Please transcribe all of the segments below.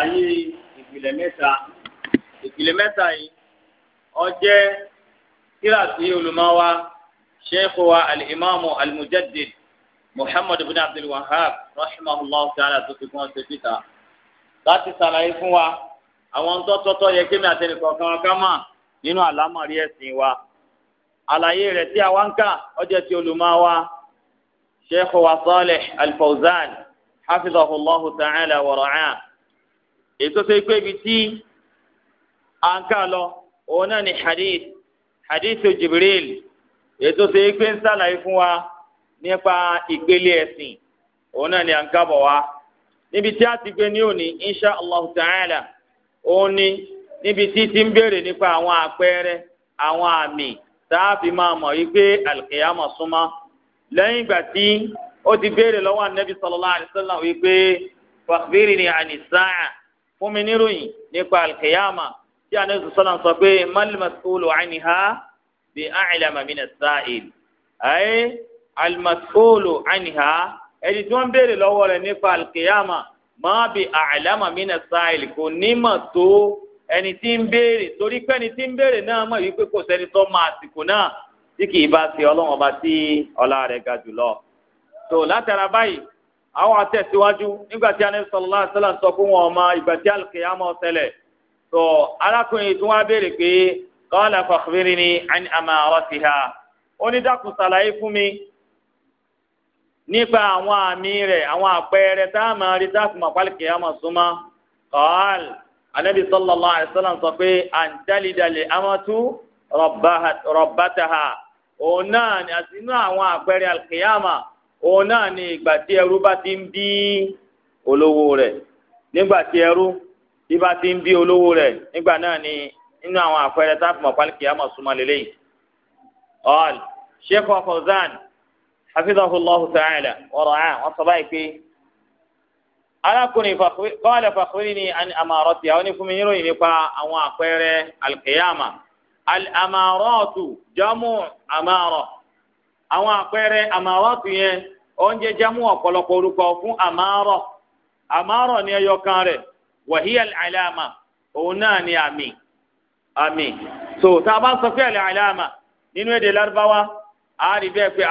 ayé ìpìlẹ̀ mẹ́ta ìpìlẹ̀ mẹ́ta yìí ó jẹ́ kíláàsì olùmọ́wá sheikh wa alimami almujaddid muhammad bin abdul wahab rahimahullah ta'ala tó fi kún ọ̀sẹ̀ títà láti ṣàlàyé fún wa àwọn tọ́tọ́tọ́ yẹ kémi àtẹnìkọ̀ kan ká mà nínú àlámọ̀rí ẹ̀sìn wa àlàyé rẹ̀ tí a wá ń kà ó ti olùmọ́wá sheikh wa salih alfawzan hafizahullah ta'ala wa ètò ṣe pé ibi tí à ń kà lọ ni hadith hadith jibril ètò pé ń sàlàyé fún wa nípa ìgbélé ẹ̀sìn òun náà ni à ń kábọ̀ a ti gbé ní òní insha allah ta'ala òun ni níbi tí ti ń béèrè nípa àwọn àpẹẹrẹ àwọn àmì tá máa mọ̀ wípé alkiyama súnmọ́ lẹ́yìn ìgbà tí ó ti béèrè lọ́wọ́ anabi sallallahu alaihi wípé sa'a. fún mi níròyìn nípa alkiyama tí anabi sọlá sọ pé malimasulu aniha bi a'lama min as-sa'il ayé alimasulu aniha ẹni tí wọn béèrè lọ́wọ́ rẹ̀ nípa alkiyama máa bi a'lama min as-sa'il kò ní mà tó ẹni tí ń béèrè torí pé ẹni tí ń béèrè náà mọ̀ wípé kò sẹ́ni tó máa àsìkò náà tí kì í bá ṣe ọlọ́run ọba tí ọlá rẹ̀ ga jùlọ. tó látara báyìí àwọn àtẹ̀síwájú nígbà tí anabi sallallahu alaihi wasallam sọ fún wọn ọmọ ìgbà tí al-qiyamah ṣẹlẹ̀ tó arákùnrin tí wọ́n béèrè pé qala fakhbirni an amaratiha ó ní dákun ṣàlàyé fún mi nípa àwọn àmì rẹ̀ àwọn àpẹẹrẹ tá a máa rí dákun mọ̀ pálíkìyàmọ̀ súnmọ́ qala anabi sallallahu alaihi wasallam sọ pé an talida al-amatu rabbataha òun náà àti inú àwọn àpẹẹrẹ al-qiyamah òun náà ni ìgbà tí ẹrú bá ti ń bí olówó rẹ̀ nígbà tí ẹrú tí bá ti ń bí olówó rẹ̀ nígbà náà ni nínú àwọn àpẹẹrẹ tá a fi mọ̀ pálíkì àmọ̀ súnmọ́ lélẹ́yìí. ọ̀l sheikh Fawzan hafizahullahu ta'ala ọ̀rọ̀ ẹ̀ sọ báyìí pé arákùnrin qala fakhbirni an amarati àwọn onífúnmi níròyìn nípa àwọn àpẹẹrẹ al-qiyama al-amaratu jamu àwọn àpẹẹrẹ àmàwátù yẹn oúnjẹ jámù ọ̀pọ̀lọpọ̀ orúkọ fún àmárọ̀ àmárọ̀ ni ẹyọ rẹ̀ wàhíyà àlàmà òun náà ni àmì àmì so tá a bá sọ pé àlàmà nínú èdè lárúbáwá a rí bẹ́ẹ̀ pé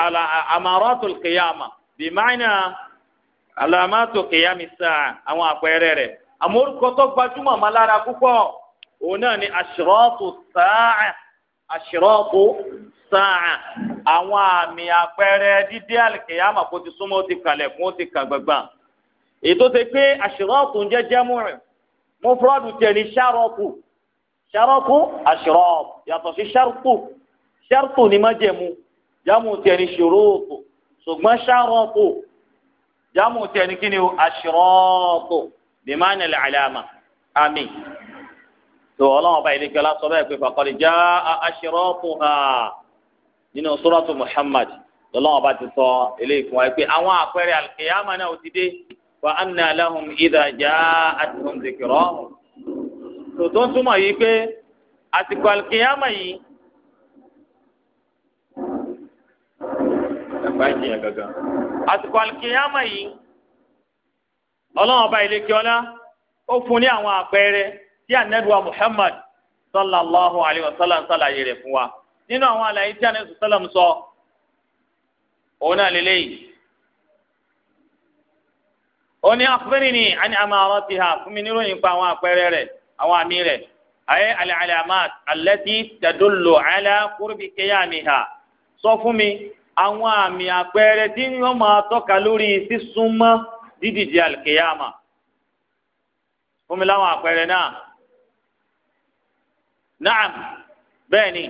bí sáà àwọn àpẹẹrẹ rẹ̀ àmọ́ orúkọ tó gbajúmọ̀ púpọ̀ òun náà sáà àwọn àmì àpẹẹrẹ dídé àlìkèyàmà kò ti súnmọ́ ó ti kalẹ̀ kún ó ti kàn gbàgbà ètò ti pé àṣìrọ́ọ̀kù ń jẹ́jẹ́ mú rìn mú fúrọ́ọ̀dù tiẹ̀ ní ṣàrọ́ọ̀kù ṣàrọ́ọ̀kù àṣìrọ́ọ̀kù yàtọ̀ sí ṣàrùkù ṣàrùkù ni májẹ̀mú jámù tiẹ̀ ní ṣòróòkù ṣùgbọ́n ṣàrọ́ọ̀kù jámù tiẹ̀ ní kíni àṣìrọ́ọ̀kù bí máa nílẹ̀ àlàmà àmì tó ọlọ́run ọba ìlẹ́kẹ́ lásọ bẹ́ẹ̀ pé fàkọ́lì já aṣìrọ́ọ̀kù hàn. nínú sọ́rọ́tù Muhammad lọ́lọ́wọ́n bá ti sọ eléyìí fún wa pé àwọn àpẹẹrẹ àlùkìyàmà náà ti dé wa anna lahum idha ja'atuhum dhikrahum. tòótọ́ túmọ̀ yìí pé àsìkò àlùkìyàmà yìí. àsìkò àlùkìyàmà yìí ọlọ́wọ́n bá ilé kíọ́lá ó fún ní àwọn àpẹẹrẹ tí ànẹ́dùwà Muhammad sallallahu wa nínú àwọn àlàyé tí anẹ́sù sálàmù sọ òun náà lélẹ́yìí ó ní akhbirni an amaratiha fún mi níròyìn pa àwọn àpẹẹrẹ rẹ àwọn àmì rẹ ayé al-alamat allati tadullu ala qurbi qiyamiha sọ fún mi àwọn àmì àpẹẹrẹ tí wọ́n máa tọ́ka lórí sísúnmọ́ dídìdì al-qiyama fún mi láwọn àpẹẹrẹ náà naam bẹ́ẹ̀ ni.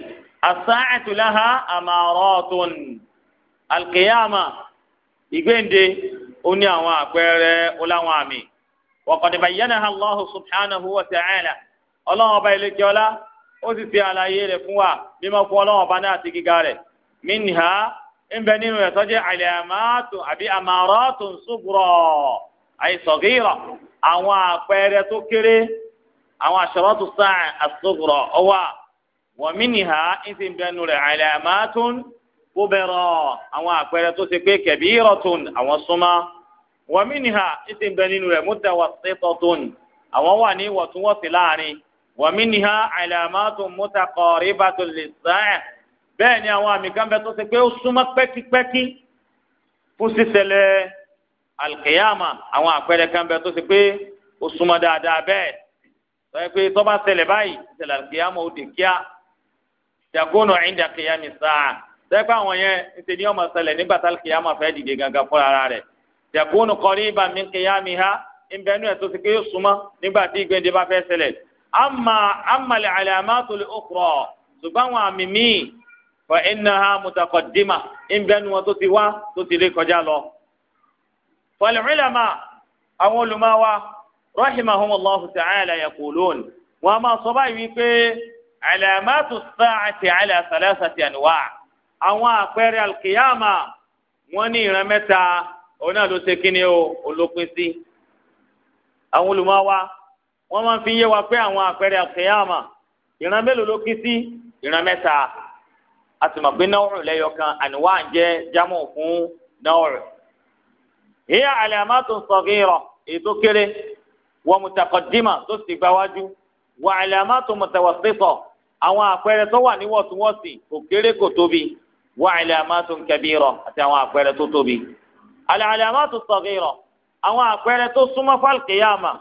asaacatu laha amaarotun alqiyama ìgbéǹde ó ní àwọn àpẹẹrẹ ó láwọn àmì Allahu subhanahu wa ta'ala ọlọ́run ọba ìlẹ́kẹ́ ọlá ó sì fi àlàyé rẹ̀ fún wa mímọ́ fún ọlọ́run ọba náà àti gíga rẹ minha ń bẹ nínú rẹ̀ sọ́jẹ́ àlẹ́mátò àbí àmàrọ́tò àwọn wa minha ìsì ń bẹnu rẹ̀ alamatun kubra àwọn àpẹẹrẹ tó ṣe pé kabiratun àwọn súnmọ́ wa minha ìsì ń bẹ nínú rẹ̀ mutawassitatun àwọn wà ní wọ̀túnwọ̀sì láàrin wa minha alamatun mutaqaribatun lis-sa'a bẹ́ẹ̀ ni àwọn àmì kan bẹ tó ṣe pé ó súnmọ́ pẹ́kípẹ́kí fún ṣíṣẹlẹ̀ alkiyama àwọn àpẹẹrẹ kan bẹ tó ṣe pé ó súnmọ́ dáadáa bẹ́ẹ̀ tọ́ yakunu inda qiyami saa sẹ́pẹ́ àwọn yẹn ṣe ni ọmọ ṣẹlẹ̀ nígbà tá kìyàmà fẹ́ dìde gangan fún ara rẹ̀ yakunu qariban min qiyamiha ìbẹ́nu ẹ̀ tó ti kéye súnmọ́ nígbà tí ìgbéǹde bá fẹ́ ṣẹlẹ̀ amma amma al-alamatul ukhra ṣùgbọ́n àwọn àmì míì fa innaha mutaqaddima ìbẹ́nu wọn tó ti wá tó ti lé kọjá lọ. fal alamatu saacati ala salasati anwa àwọn àpẹẹrẹ alkiyama wọn ní ìran mẹ́ta òun náà ló ṣe kíni o olópin sí àwọn olùmọ̀wá wọn máa ń fi yé wa pé àwọn àpẹẹrẹ alkiyama ìran mélòó ló kí sí ìran mẹ́ta a sì lẹ́yọkan àníwá ń jẹ́ jámọ̀ fún náwó hiya alamatu saghira ètò kéré wa mutaqaddima tó sì gbáwájú wa alamatu mutawassita àwọn àpẹẹrẹ tó wà níwọ̀ntúnwọ̀nsì kò kéré kò tóbi wà alamatun kabira àti àwọn àpẹẹrẹ tó tóbi alamatun saghira àwọn àpẹẹrẹ tó súnmọ́ fálkìyàmà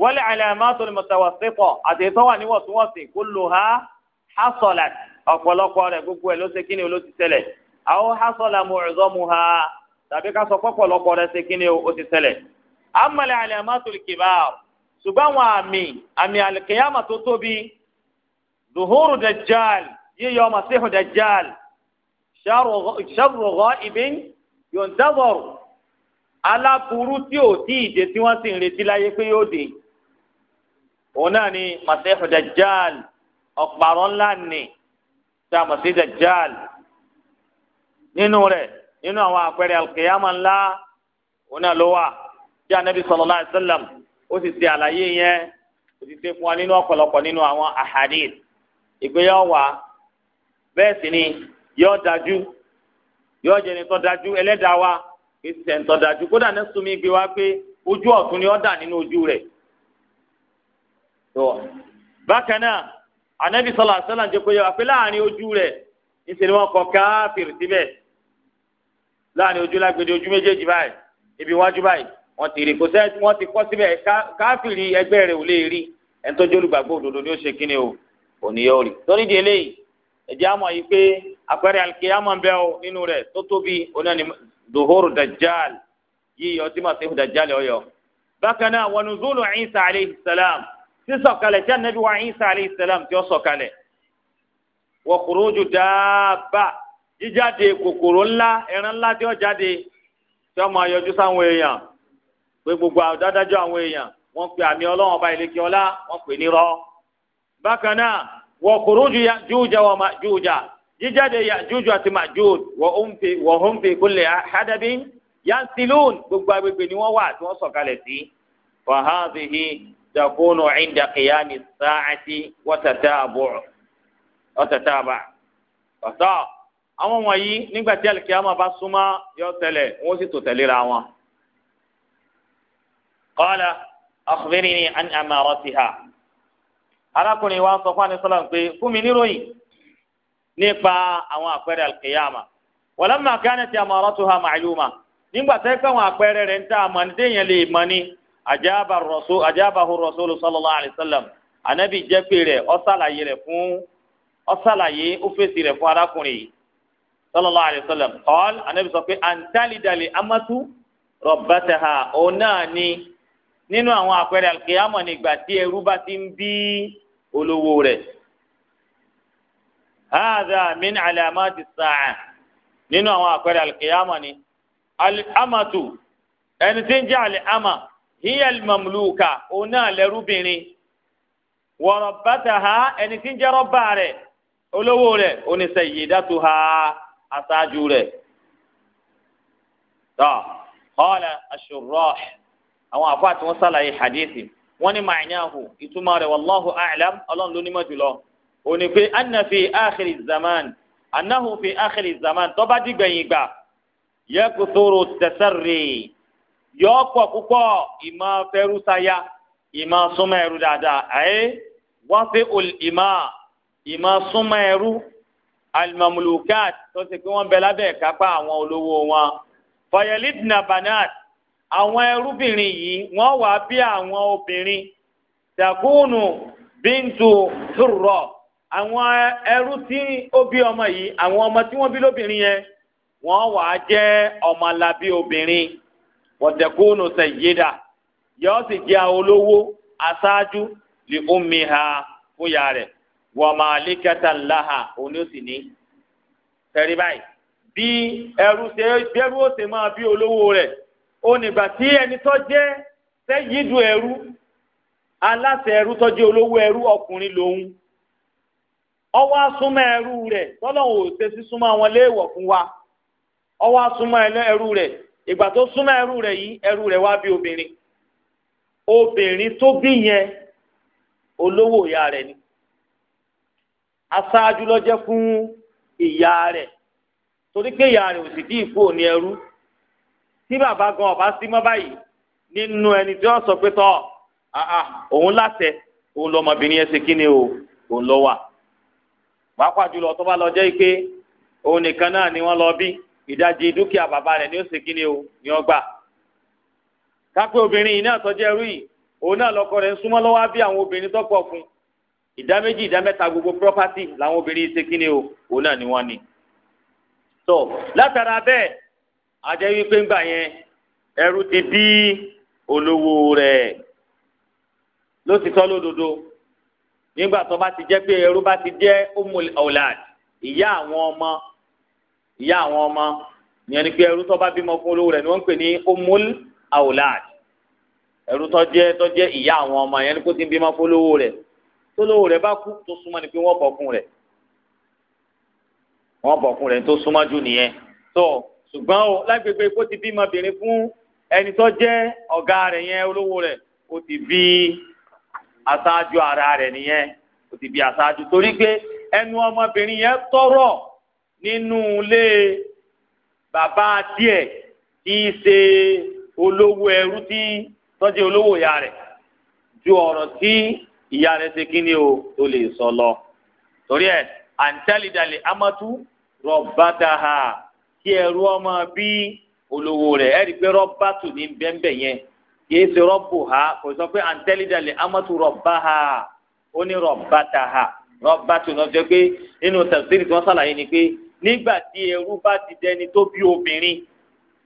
wọlé alamatun mutawassita àti tó wà níwọ̀ntúnwọ̀nsì kulluha hasalat ọ̀pọ̀lọpọ̀ rẹ̀ gbogbo ẹ̀ ló ṣe kíni ló ti ṣẹlẹ̀ àwọn hasala mu'zamuha tàbí ká sọ pọ̀pọ̀lọpọ̀ rẹ̀ zuhuru dajjal yíyọ masihu dajjal sharru ghaibin yòǹdàbọ̀r aláburú tí ò tí ì dé tí wọ́n sì ń retí láyé pé yóò dé òun náà ni masihu dajjal ọ̀pàrọ̀ ńlá ni tá a masihu dajjal nínú rẹ̀ nínú àwọn àpẹẹrẹ alkiyama ńlá òun náà ló wà tí anabi sallallahu alaihi wasallam ó sì ṣe àlàyé yẹn ó sì ṣe fún wa nínú ọ̀pọ̀lọpọ̀ nínú àwọn ahadith ìgbéyàwó wa bẹ́ẹ̀ sì ni yọ dájú yọ jẹ́ ni dájú ẹlẹ́dàá wa ìsẹ̀ ń tó dájú kódà ní sunmi gbé wa pé ojú ọ̀tún ni ó dà nínú ojú rẹ̀ tó bákan náà anabi sọlá sọlá ń jẹ́ pé yọ àpé láàrin ojú rẹ̀ níṣẹ́ ni wọ́n kọ káfíìrì síbẹ̀ láàrin ojú lágbèdè ojú méjèèjì báyìí ibi iwájú báyìí wọ́n ti rí kò sẹ́ wọ́n ti kọ́ síbẹ̀ káfíìrì ẹgbẹ́ rẹ̀ ò lè rí ẹni tó jẹ́ olùgbàgbọ́ òdodo ni ó ṣe kíni o òní yóò rí torí di eléyìí ẹjẹ àmọ́ yìí pé àpẹẹrẹ alikiyama bẹ o nínú rẹ̀ tó tóbi oná ni duhur dajjal yíyọ tí ma sehu dajjal yọyọ bákan náà wọn nuzulu Isa aleyhi salam sísọ̀kalẹ̀ tí anabi wa Isa aleyhi salam tí sọ̀kalẹ̀ wa khuruju dáàbà jíjáde kòkòrò ńlá ẹran ńlá tí ó jáde tí ó máa yọjú sáwọn èèyàn pé gbogbo àdádájọ àwọn èèyàn wọ́n pè àmì Ọlọ́run ọba ìlẹkẹ ọlá wọ́n pè ní rọ. بكنا وخروج يأجوج ومأجوج ججد يأجوج ومأجوج وهم في, وهم في كل حدب ينسلون بباب بن ووات التي فهذه تكون عند قيام الساعة وتتابع وتتابع فتا أما ما يي نبغى تيال كيما بسما يوتله موسى توتلي راوا قال أخبرني عن أمارتها arákùnrin wa sọ fún anisọ́lá pé fún mi níròyìn nípa àwọn àpẹẹrẹ alkiyama walamma kanat amaratuha ma'luma nígbà tẹ́ pé àwọn àpẹẹrẹ rẹ̀ ń tà àmọ́ ní déyìn lè mọ́ ni ajabahu rasulu sallallahu alayhi wa sallam anabi jẹ́ pé rẹ̀ ọ́sàlàyé rẹ̀ fún ọ́sàlàyé ó fèsì rẹ̀ fún arákùnrin yìí sallallahu alayhi anabi sọ pé antalidali amatu rabbataha òun náà ni. nínú àwọn àpẹẹrẹ àlùkìyàmọ̀ nígbà tí ẹrú bá ti ń bí olówó min alamati sa'a nínú àwọn àpẹẹrẹ àlùkìyàmọ̀ ni alamatu ẹni tí ń jẹ́ alama naa almamluka òun náà lẹ́rúbìnrin wọ̀rọ̀bátàhá ẹni tí ń jẹ́ rọ́bà rẹ̀ olówó rẹ̀ ha aṣáájú rẹ̀. tọ́ ọ̀la aṣùrọ̀. àwọn àfáà tí wọ́n sàlàyé hadithi wọ́n ní ma'nahu ìtumọ̀ rẹ̀ wallahu a'lam ọlọ́run ló nímọ̀ jùlọ òní pé anna fi akhiri zaman annahu fi akhiri zaman tó bá dìgbẹ̀yìn gbà yakthuru tasarri yóò pọ̀ púpọ̀ ìmọ̀ fẹ́rùsáyà ìmọ̀ súnmọ́ ẹrú dáadáa ayé wọ́n fi ol ìmọ̀ ìmọ̀ súnmọ́ ẹrú alimamulukat tó ti pé wọ́n bẹ lábẹ́ ìkápá àwọn olówó wọn fayalidna banat àwọn ẹrúbìnrin yìí wọn wà bí àwọn obìnrin dàgúnù bíntù tùrọ àwọn ẹrú tí ó bí ọmọ yìí àwọn ọmọ tí wọ́n bí lóbìnrin yẹn wọn wà á jẹ́ ọmọlábí obìnrin sẹyìdà sì bí ẹrú ṣe bí ẹrú ó ṣe máa olówó onígbà tí ẹni tó yidu eru ẹrú aláṣẹ ẹrú tó olowo olówó ẹrú ọkùnrin lòun ọwọ́ asúnmọ́ ẹrú rẹ̀ tọ́lọ́hún ò ṣe sí súnmọ́ wọn léèwọ̀ fún wa ọwọ́ asúnmọ́ ẹrú rẹ̀ ìgbà tó súnmọ́ ẹrú rẹ̀ yìí ẹrú rẹ̀ wá bí obìnrin obìnrin tó bí yẹn olówó ìyá ni aṣáájú ló jẹ́ fún ìyá rẹ̀ torí pé ìyá rẹ̀ ò sì dín ìfò ní ẹrú tí bàbá gan ọba sí mọ́ báyìí nínú ẹni tí wọ́n sọ pé tọ́ òun láṣẹ òun lọmọbìnrin yẹn ṣe kí ni o òun lọ wà pàápàá jùlọ tó bá lọ jẹ́ pé òun nìkan náà ni wọ́n lọ bí ìdajì dúkìá bàbá rẹ̀ ni ó ṣe kí ni o ni wọ́n gbà kápẹ́ obìnrin yìí náà tọ́jú ẹrú yìí òun náà lọ́kọ rẹ̀ ń súnmọ́ lọ́wọ́ bí àwọn obìnrin tó fún ìdá méjì ìdá mẹ́ta gbogbo property làwọn obìnrin ṣe kí ni o òun náà ni wọ́n ní. tó látara bẹ́ẹ̀ ajẹ́ wípé ńgbà yẹn ẹrú ti di olówó rẹ̀ ló ti sọ lódodo nígbà tó bá ti jẹ́ pé ẹrú bá ti jẹ́ ọ̀làd ìyá àwọn ọmọ ìyá àwọn ọmọ ìyẹn ni pé ẹrú tó bá bímọ fún olówó rẹ̀ ni wọ́n ń pè ní omul ọ̀làd ẹrú tó jẹ́ tó jẹ́ ìyá àwọn ọmọ ìyẹn ni kó ti bímọ fún olówó rẹ̀ tó lówó rẹ̀ bá kú tó súnmọ́ ni pé wọ́n bọ̀ fún rẹ̀ wọ́n bọ̀ fún rẹ̀ tó súnmọ́ jù nìyẹn tó. So, ṣùgbọ́n o lágbègbè kó ti bímọ obìnrin fún ẹni tó jẹ́ ọ̀gá rẹ̀ yẹn olówó rẹ̀ ó ti bí aṣáájú ara rẹ̀ nìyẹn ó ti bí aṣáájú torí pé ẹnu ọmọbìnrin yẹn tọrọ nínú ilé bàbá díẹ̀ tí í ṣe olówó ẹrú tí tọ́jú olówó ìyá rẹ̀ ju ọ̀rọ̀ tí ìyá rẹ̀ ṣe kíni o tó lè sọ lọ torí ẹ̀ àǹtálídàlẹ̀ amátú rọ̀bátà ha tí ẹrú ọmọ bí olówó rẹ̀ ẹ̀rí pé rọ́bàtù ní bẹ́ńbẹ́ yẹn kìí ṣe rọ́bù ha kò sọ pé àǹtẹ́lídàlẹ̀ amọ́tù rọ̀bà ha ó ní rọ̀bàtà ha rọ́bàtù náà jẹ́ pé nínú tẹ̀síìrì tí wọ́n ṣàlàyé ni pé nígbà tí ẹrú bá ti dẹni tó bí obìnrin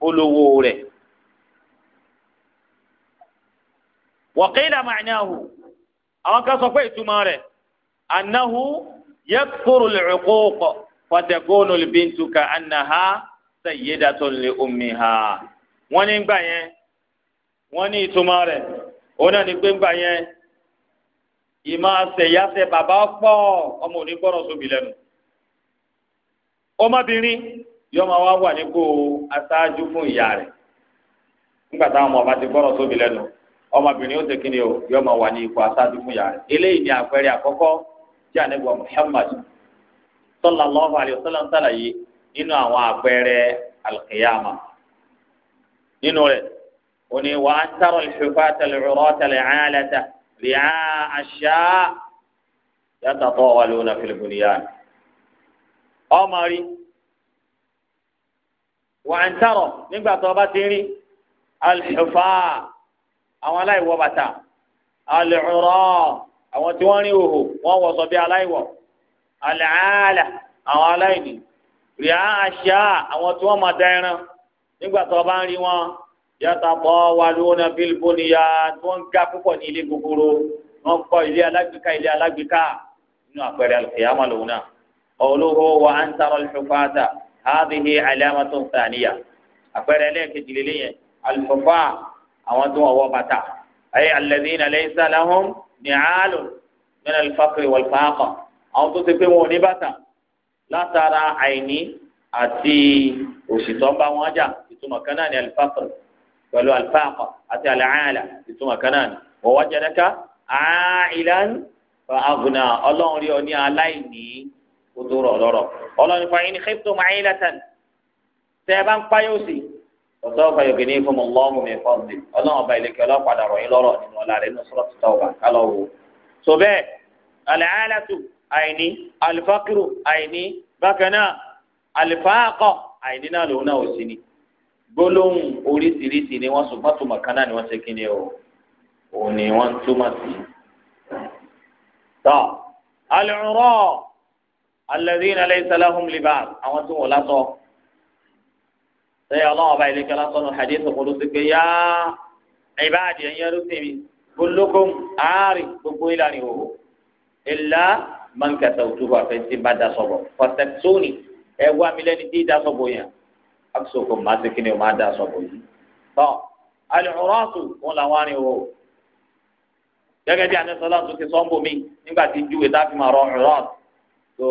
olówó rẹ̀. wọ̀kẹ́lá màánáhù àwọn kan sọ pé ìtumọ̀ rẹ̀ annahu yẹ kúrò lẹ́ẹ̀kọ́ fatakunu libintu ka annaha sayyidatun li ummiha wọ́n ní gbà yẹn wọ́n ní ìtumọ̀ rẹ̀ òun náà se pé gbà yẹn ìmọ̀ àṣeyàṣe bàbá pọ̀ ọmọ òní gbọ́dọ̀ sóbi lẹ́nu ọmọbìnrin yóò máa wá wà nípò aṣáájú fún ìyá rẹ̀ nígbà táwọn ọmọ ọba ti gbọ́dọ̀ sóbi lẹ́nu ọmọbìnrin ó ti kíni o yóò máa wà ní ipò aṣáájú fún ìyá rẹ̀ eléyìí ni àpẹẹrẹ àkọ́kọ́ tí ànábì Muhammad sallallahu alaihi wasallam ṣàlàyé nínú àwọn àpẹẹrẹ alqiyama nínú rẹ̀ òní wà á sáró al-hufata al-urata al-alata ri'a ash-sha'a yatatawaluna fil bunyan ọmọ rí wà á sáró nígbà tó o bá ti rí al àwọn aláìwọ bàtà al àwọn tí wọ́n rí òhò wọ́n wọ̀ sọ bí aláìwọ̀ àlàálà àwọn aláìní rìá àṣà àwọn tí wọ́n máa da ẹran nígbà tó bá ń rí wọn yàtọ̀ pọ̀ wà lóna bílbó níyà tí wọ́n ń ga púpọ̀ ní ilé gogoro wọ́n kọ́ ilé alágbèéká ilé alágbèéká inú àpẹẹrẹ àlùkìyàmà lòun náà olówó wa ń sáré lùfàtà hádìhì àlàmàtò sàníyà àpẹẹrẹ ẹlẹ́ẹ̀kejì lélẹ́yìn àlùfàfà àwọn tí wọ́n wọ bàtà ayé alladhina laysa lahum ni'alun min al-faqri wal-faqa àwọn tó ṣe pé wọn ò ní bàtà látara àìní àti òṣìṣọ́ bá wọn jà ìtumọ̀ kan náà ni alifásọ̀rọ̀ pẹ̀lú alifáàkọ̀ àti àlàáyàlà ìtumọ̀ kan náà ni wa wajadaka àìlán fa aghna ọlọ́run rí ọ ní aláìní kó tó rọ̀ lọ́rọ̀ ọlọ́run fa in khiftum ailatan tẹ́ ẹ bá ń payọ́ sí ọ̀tọ́ ọ̀fà yòókè ní ìfọ̀mù ọlọ́run mi fọ́ àìní alifakiru àìní bákan náà alifaakọ àìní náà lòun náà ò sí ni gbólóhùn oríṣiríṣi ni wọ́n ṣùgbọ́n tùmọ̀ kan náà ni wọ́n ṣe kí ni o òun ni wọ́n túmọ̀ sí. tọ́ alùrọ̀ alladhina laysa lahum libas àwọn tí wọ́n lásọ sẹ́yìn ọlọ́wọ́ bá ilé lásọ nù hadith kúrú sí pé yá ìbáàdì ẹ̀yẹ́rú sí mi àárín gbogbo ìlànà ìhòòhò ìlà mankata òtúbà fẹ́ tí bá sobo? sọ̀rọ̀ pọ̀tẹ́ sóni ẹ wá mi lẹ́ni tí da sọ̀bọ̀ yẹn àkóso màá ti kíni o máa da sọ̀bọ̀ yìí. tọ́ alùpùpù wọn làwọn arìn o gẹ́gẹ́ bí anisọ́lá tó ti sọ́ńbù mi nígbà tí júwe táfi máa rọ ọ̀rọ̀t tó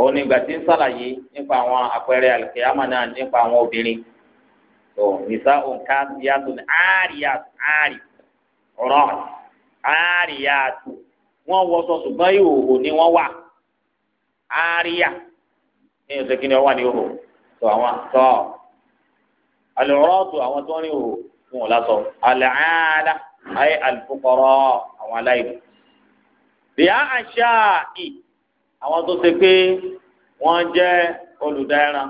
òun nígbà tí ń sàlàyé nípa àwọn àpẹẹrẹ àlùkìyàmà náà nípa àwọn obìnrin tó nìsa òǹkà yàtò ní àríyàtò àrí ọ̀rọ̀t àríyàtò wọ́n wọṣọ ṣùgbọ́n ìhòòhò ni wọ́n wà àríyá ní oṣù kìíní ọwọ́ ni ìhòòhò tó àwọn tó alùrọ́ọ̀tù àwọn tó ń rí ìhòòhò fún wọn lásọ àlàáda ayé àlùfọkọrọ àwọn aláìní. bíyà àṣà ì àwọn tó ṣe pé wọ́n jẹ́ olùdáran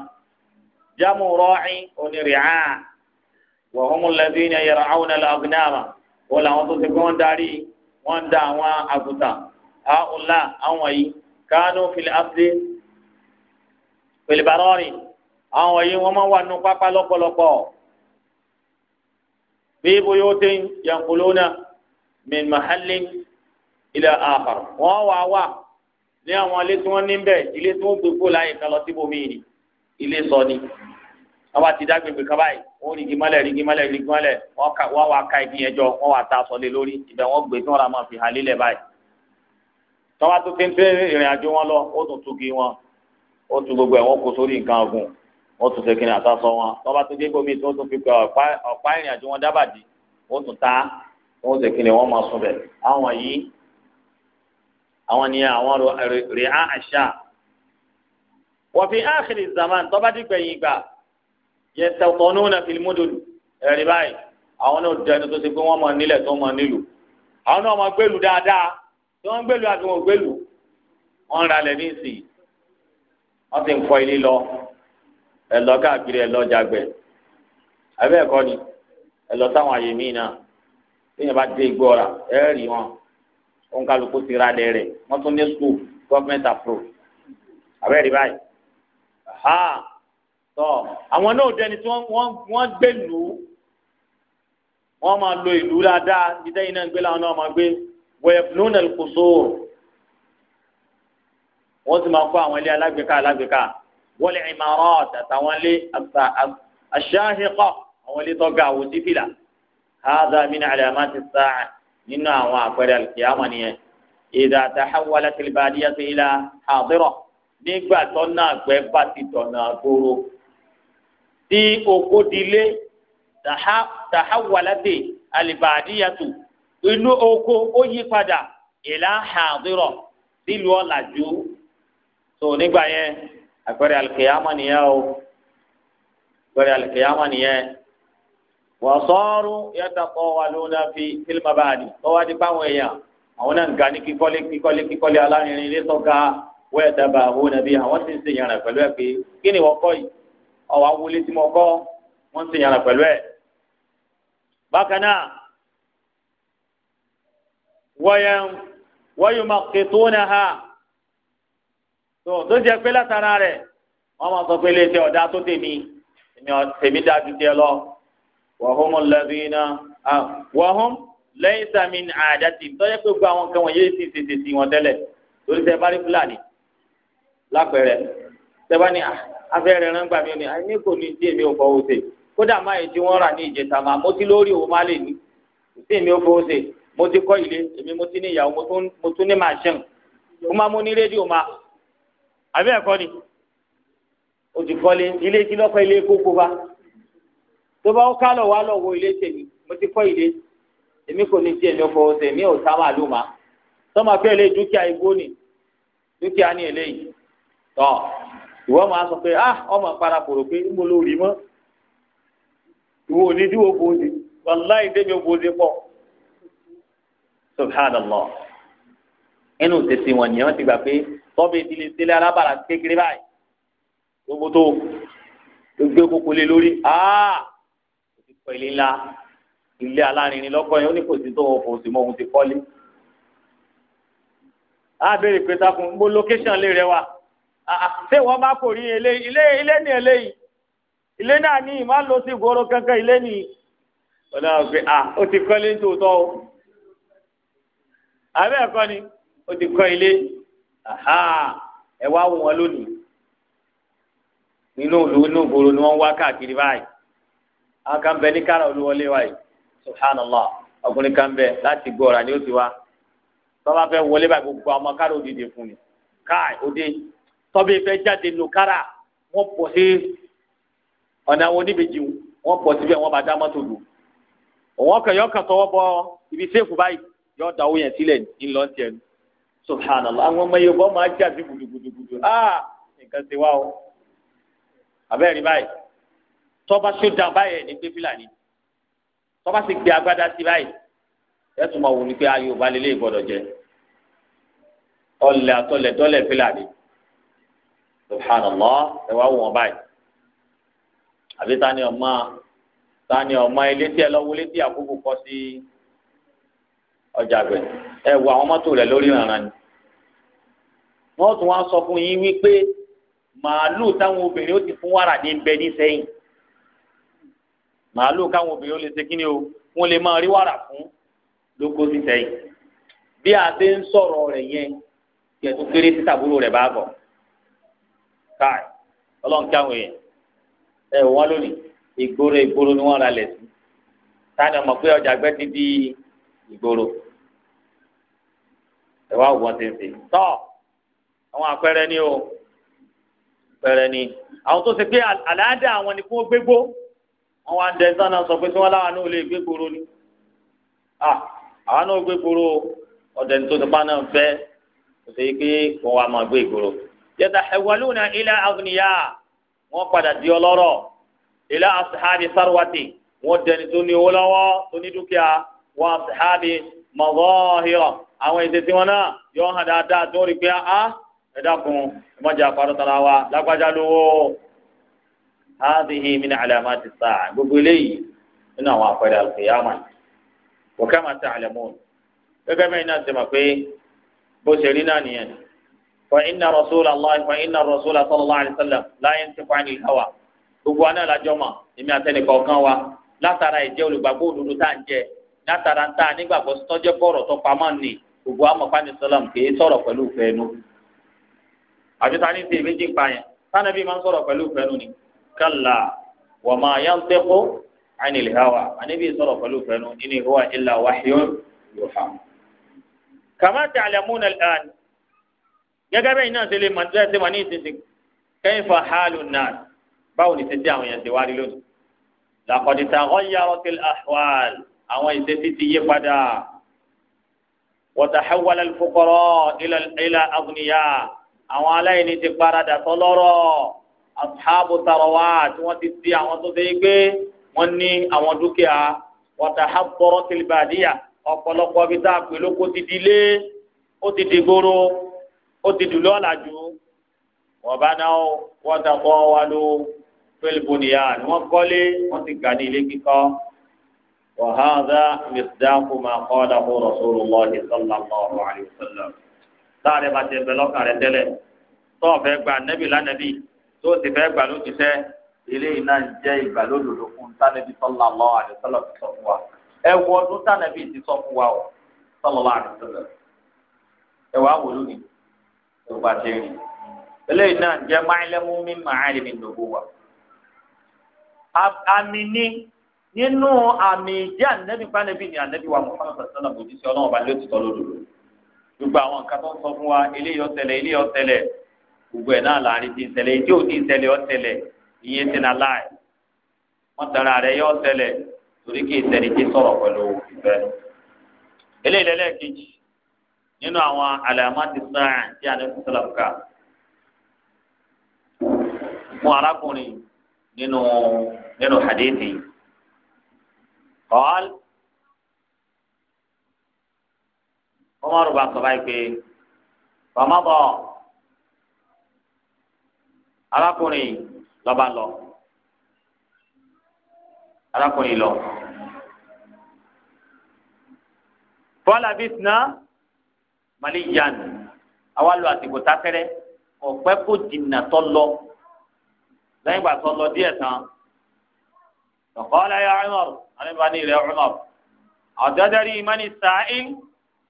jámù rọ́ọ̀ín onírìá wọ̀húnmùlẹ́bí ni yẹ̀rọ àwọn ọ̀nà làbínáàmà wọ́n làwọn tó ṣe pé wọ́n darí wọ́n ń da àwọn àgùntàn àhùnlá àwọn yìí kánú fìlẹ̀ áfílẹ fìlẹ̀ bàrọrì àwọn yìí wọ́n máa wà nù pápá lọ́pọ̀lọpọ̀ bí bóyóté yankulóna min mahallin ila akhar wọ́n wà wà ní àwọn ilé tí wọ́n ní bẹ́ẹ̀ ilé tí wọ́n gbé kó láyé kan lọ ni ilé sọ ni àwa ti dágbègbè kaba yìí wọn rigi mọ́lẹ̀ rigi mọ́lẹ̀ rigi mọ́lẹ̀ wọn wà ká igi yẹn jọ wọn wà ta aṣọ lé lórí ibẹ̀ wọn gbé tí wọn ra máa fi hàn lílẹ̀ báyìí tọ́wá tó fi ń fẹ́ ìrìn àjò wọn lọ ó tún tugi wọn ó tún gbogbo ẹ̀ wọ́n kó sórí nǹkan ọ̀gùn ó tún ṣe kiri wọn tọ́wá tó dé gómìn tí wọ́n tún fi pẹ́ ọ̀pá ìrìn àjò wọn dábàdì ó tún ta ó ṣe kiri máa sùn bẹ̀ àwọn yìí àwọn ni àwọn rẹ̀ àṣà wọ́n yastawtanuna fil mudun ẹ̀rí báyìí àwọn náà dẹni tó ṣe pé wọ́n máa nílẹ̀ tó máa nílùú àwọn náà máa gbèlú dáadáa tí wọ́n gbèlú àti wọn gbèlú wọ́n ra lẹ̀ ní ìsìn wọ́n ti ń kọ́ ilé lọ ẹ lọ káàkiri ẹ lọ jagbẹ abẹ́ ẹ̀kọ́ ni ẹ lọ sáwọn àyè míì náà téèyàn bá dé igbó ọ̀rà ẹ rí wọn òun kálukú ti ra lẹ̀ rẹ̀ wọ́n tún ní school government approve abẹ́ rí báyìí tọ́ àwọn náà dẹni tí wọ́n gbé lù ú wọ́n máa lo ìlú dáadáa jíjẹ́ iná gbé láwọn náà máa gbé wẹ̀ẹ́fúnúnà kò sóòrò wọ́n sì máa kọ́ àwọn ilé alágbèéká alágbèéká wọlé ìmọ̀ràn àtàwọn ilé aṣáhìkọ́ àwọn ilé tọ́ga àwòsí fìlà hàdà mí ní àlàmà ti sáà nínú àwọn àpẹẹrẹ àlùkìyàmọ̀ nìyẹn ìdá àtàwọn alátìlbàdíyàtì ilà àdúrà nígbà tó náà gbẹ bá ti tọ̀nà àgbòrò di oko dilé tàháwàládé alìbàdíyàtò inú oko ó yí padà ìlà hàdírọ̀ sílùú ọ̀làjú tó nígbà yẹn àpẹẹrẹ alìkèyàmọ nìyẹn o àpẹẹrẹ alìkèyàmọ nìyẹn wàsọ́ọ́rù yàtàkọ́ wà lónà fi fílmù báàdì tọ́wá di báwọn èèyàn àwọn náà ń ga ní kíkọ́lé kíkọ́lé kíkọ́lé alárinrin ilé tó wọ́n ẹ̀ dábàá owó nàbí àwọn sì ń ṣe yàrá pẹ̀lú ẹ̀ pé kí ni wọ́n kọ́ yìí ọwọ́ awolé tí mo kọ́ wọ́n ń ṣèyànra pẹ̀lú ẹ̀. bákan náà wọ́yẹn wọ́yẹn máa kètò náà ha tó tó jẹ́ pé látara rẹ̀ wọ́n máa sọ pé léṣe ọ̀dà tó tèmi tèmi dá ju tiẹ̀ lọ wàhùn lẹ́bìínà wàhùn lẹ́yìn sàmì àdàtì tọ́jú pé gbogbo àwọn kan wọ̀nyí ti tètè sí wọn tẹ́lẹ̀ torí sẹ́ bá rí fúlàní lápẹ̀rẹ̀ tẹ́wá ni, afẹ́rẹ́ rán gbàmí ni àìní kò ní tí èmi ò fọwọ́ ṣe kódà má yìí tí wọ́n rà ní ìjẹta mà mo ti lórí òun má lè ní tí èmi ò fọwọ́ ṣe mo ti kọ́ ilé èmi mo ti ní ìyàwó mo tún ní màá ṣẹ́n mo máa mo ní rédíò ma àbí ẹ̀kọ́ ni o ti kọ́lé ilé kí lọ́kọ́ ilé kókó bá tó bá ká lọ wá lọ wo ilé tèmi mo ti kọ́ ilé èmi kò ní tí èmi ò fọwọ́ ṣe èmi ò sá màlúù ma tọ́mọ ni dúkìá ni tọ́ ìwọ máa sọ pé ah ọmọ para kòrò pé ń bolo rí mọ́ ìwọ ò ní dúró bòde wàláì débi bòde pọ̀ subhanallah inú tètè wọn nìyẹn ti gbà pé tọ́bẹ̀ ìdílé tẹ́lẹ̀ alábàárà kékeré báyìí gbogbo tó gbé kókó lé lórí ah kò ti kọ́ ilé ńlá ilé alárinrin lọ́kọ́ yẹn ó ní kò sí tó wọn fò sí mọ́ òun ti kọ́lé. a béèrè pé takùn gbó lókẹ́sàn lè rẹwà. Ah, ah, ṣé wọ́n bá kò rí ilé ilé ilé ní eléyìí ilé náà ní ìmọ̀ lọ sí ìgboro kankan ilé ní. ọ̀dà ọ̀gbìn à ah, ó ti kọ́ ilé tòótọ́ o àbẹ́ ẹ̀kọ́ ni ó ti kọ́ ilé ẹ wá wò wọn lónìí nínú òlu inú ìgboro ni wọ́n wá káàkiri báyìí àwọn kan bẹ ní kára olúwọlé wa yìí subhanallah ọkùnrin kan bẹ láti gbọ́ ọ̀rà ni ó ti wá tọ́ba fẹ́ wọlé báyìí gbogbo àwọn ọmọ kára òdìdí fún mi káà ó tọ́bí fẹ́ jáde nùkárà wọ́n pọ̀ sí ọ̀nà àwọn oníbejì wọ́n pọ̀ síbẹ̀ wọ́n bá dá mọ́tò lù wọ́n kàn yọ kàn tọwọ́ bọ ibi sẹ́ẹ̀fù báyìí yọ da owó yẹn sílẹ̀ ńlọ tiẹ̀ nù subhanallah àwọn ọmọ yorùbá máa jà sí gudugudugudu aa ah, nǹkan ti wá o abẹ́rẹ́ báyìí tọ́ba ṣúdà báyìí ní pé fúlàní tọ́ba sì gbé agbádá sí báyìí ẹ̀sùn máa wù ní pé ayò balẹ̀ subhanallah ẹ wá wò wọn báyìí àbí tani ọmọ tani ọmọ elétí ẹ lọ́wọ́ elétí àkókò kọ́ sí ọjà gbẹ ẹ wọ àwọn mọ́tò rẹ lórí ìrànràn ni wọ́n tún wá sọ fún yín wípé màálùú táwọn obìnrin ó ti fún wàrà ní bẹ ní sẹ́yìn màálùú káwọn obìnrin ó lè ṣe kíni o wọ́n lè máa rí wàrà fún lóko sí sẹ́yìn bí a ṣe ń sọ̀rọ̀ rẹ̀ yẹn kẹ̀tù kéré sí tàbúrò bá bọ̀. kai ọlọ́run nke àwọn èèyàn ẹ wọ́n lónìí ìgboro ìgboro ni wọ́n ra lẹ̀ sí táni ọmọ pé ọjà gbẹ́ ti di ìgboro ẹ wá wọ́n ti ń sè ni o àpẹẹrẹ ni àwọn tó ṣe pé àwọn ni kí wọ́n gbégbó wọ́n wá ń sọ pé tí ni àwọn tó ti pa náà fẹ́ kò sí pé wá máa gbé yatahawwaluna ila aghniya wọ́n padà di ọlọ́rọ̀ ila ashabi sarwati wọ́n dẹni tó ní owó lọ́wọ́ tó ní dúkìá wọ́n ashabi mazahira àwọn ètè tí wọ́n náà yọ hàn dáadáa tó rí pé a ah, ẹ dákun ẹ má jẹ àpárọ̀ tara wa lágbájá lówó hadhihi min alamati saa gbogbo eléyìí nínú àwọn àpẹẹrẹ alùpùpù wa kama ta'lamun gẹ́gẹ́ bẹ́ẹ̀ náà ti mọ̀ pé bó ṣe rí náà nìyẹn فإن رسول الله فإن الرسول صلى الله عليه وسلم لا ينطق عن الهوى gbogbo aná lajọ mọ èmi àtẹnì kọ̀ọ̀kan wa látara ìjẹ́ olùgbàgbọ́ òdodo tá à ń jẹ látara ń tá a nígbàgbọ́ tọjọ bọrọ tó pamọ́ ni gbogbo amọfani sọlọm kìí sọ̀rọ̀ pẹ̀lú fẹnu àti tani ti èmi jìn pààyàn sanabi máa ń sọ̀rọ̀ pẹ̀lú fẹnu ni kàlà wà máa yá ń tẹkọ ànil hawa ànibi sọ̀rọ̀ pẹ̀lú fẹnu nínú ìhùwà ìlà wàhíọ yóò gẹ́gẹ́ bẹ́ẹ̀ náà ṣe lè mọ̀ nígbà tí wọ́n ní ìsinsìn kẹ́yìn fún haalu náà báwo ni títí àwọn yẹn ti wá rí lónìí. laqad taghayyarat al-ahwal àwọn ìṣesí ti yé padà wa tahawwala al-fuqara ila aghniya àwọn aláìní ti paradà sọlọ́rọ̀ ashabu sarawat tí wọ́n ti ti àwọn tó ṣe gbé wọ́n ní àwọn dúkìá wa tahabbarat al ọ̀pọ̀lọpọ̀ bí tá a pè lóko ti dilé ó ti dìgboro ó ti dùn lọ́la jù wọ́n bá náà wọ́n ta kọ́ wa ló fẹ́lifù nìyà ni wọ́n kọ́lé wọ́n ti gà ní ilé kíkọ́ wa hadha misdaqu ma qalahu Rasulullah sallallahu alaihi wasallam táàrẹ̀ bá ti ẹ̀ bẹ̀lọ́ kàrẹ̀ tẹ́lẹ̀ tó ọ̀fẹ́ gba nẹ́bì lánàbì tó ti fẹ́ gbà ló ti fẹ́ eléyìí náà jẹ́ ìgbàlódodo fún tánàbì sallallahu alaihi wasallam ti sọ fún wa ẹ wọ ọdún tánàbì ti sọ fún wa o sallallahu alaihi ẹ wàá wò lónìí. tó bá ti rí eléyìí náà jẹ́ máìlẹ́mú mi mi wa. àmì ni nínú àmì ìdí ànábì pánẹ́bì ni ànábì wa Muhammad sallam òjísé ọlọ́run ọba lóòtítọ́ lódodo gbogbo àwọn nǹkan tó ń sọ fún wa eléyìí ọ̀tẹ̀lẹ̀ eléyìí ọ̀tẹ̀lẹ̀ gbogbo ẹ̀ náà láàrin ti ń ń ọ̀tẹ̀lẹ̀ ìyẹn ti na láì wọ́n tara rẹ̀ yọ ọ̀tẹ̀lẹ̀ torí nínú àwọn àlàmáàtì sáà tí a ní sísèlèmùkà fún arákùnrin nínú nínú hadithi kọ́l Umaru bá sọ báyìí pé fàmọ́bọ̀ arákùnrin lọ́ba lọ arákùnrin lọ fọ́lá bísí náà maliyan àwa lọ àsìkò tásẹrẹ ọpẹ kò jìnnà tó lọ lẹ́yìn ìgbà tó lọ díẹ̀ tán ọkọọlẹ ya Umar alẹbàáni rẹ Umar ọdọdẹrí imani sa'in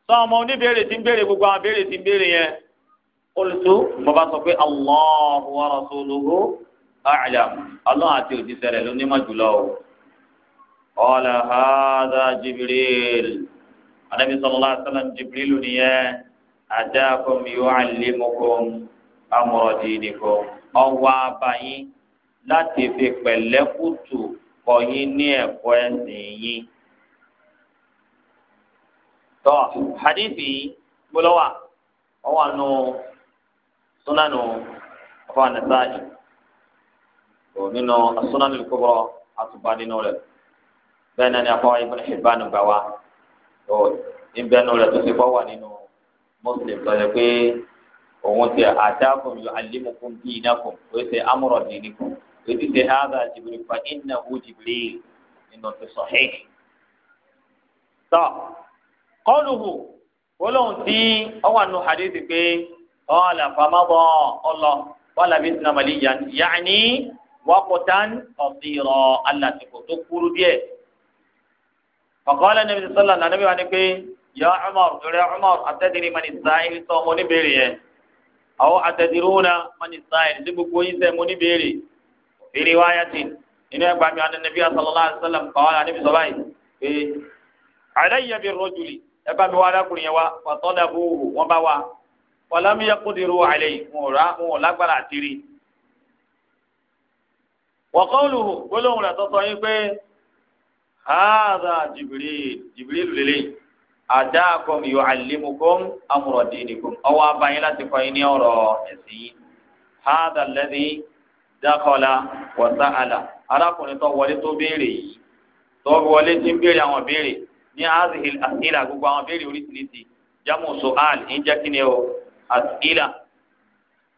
sọ ọmọ oníbèrè tí ń béèrè gbogbo àwọn béèrè tí ń béèrè yẹn olùtú mo pé Allahu wa rasuluhu a'lam Ọlọ́run àti òjíṣẹ́ rẹ̀ ló ní mọ̀ o ọlẹ hàdà Jibril anabi sallallahu alaihi wasallam jibrilu nìyẹn ataakum yu'allimukum amra dinikum ọwọ́ abayín láti fi pẹ̀lẹ́kùtù kọ́ yín ní ẹ̀kọ́ ẹ̀sìn yín. tọ́ hadithi gbólọ́wà ọwọ́ àánú sunanu ọfọ anasaayi o nínú sunanu kubra àtúbà nínú rẹ̀ bẹ́ẹ̀ náà ni afọ ibùdó tó ìbẹnu rẹ̀ tó ti kọ́ wà nínú muslim tó yẹ pé òun ti àtàkùn yóò alimukum bí iná kùn ó ṣe amúrọ̀ dìní kùn ó ti ṣe hàdà jìbìrì fa iná hu jìbìrì nínú ti sahih. tọ́ kọ́lùhù gbólóhùn tí ọwọ́ àánú hadithi pé ọ̀là fàmábọ̀ ọlọ wàlà bí sinamàlì yàn yàní wàkùtàn ọ̀sìn rọ̀ alàtìkò tó kúrú díẹ̀ fọkànlẹ níbi tí sọlá nànàbí wa ni pé yà Umar rẹ Umar atẹdiri mani sáyìn sọ mo ní béèrè yẹn àwọn atẹdirúnà mani sáyìn sí gbogbo yín sẹ mo ní béèrè fèrè wáyà tì nínú ẹgbà mi àti nàbí asọlọlá àdìsọlá kọ́ọ̀lá níbi sọlá yìí pé àlàyé bi rọjùlì ẹgbà mi wà alákùnrin yẹn wa fàtọ́lá búhù wọn bá wa wàlámù yẹ kó dirú àlẹ yìí wọn ò lágbára àtìrí wọ́n kọ́ هذا جبريل جبريل lélẹ̀ àdáàkọ́m يعلمكم أمر amúrọ̀ أو ọwọ́ abayín láti kọ́ yín ní ọ̀rọ̀ ẹ̀sìn yín hàdà lẹ́dí dákọ́lá wọ́tá àlà arákùnrin tó wọlé tó béèrè yìí tó wọlé tí ń béèrè àwọn béèrè ní azihil asila gbogbo àwọn béèrè oríṣiríṣi jamu su'al ń jẹ́ kí ni o asila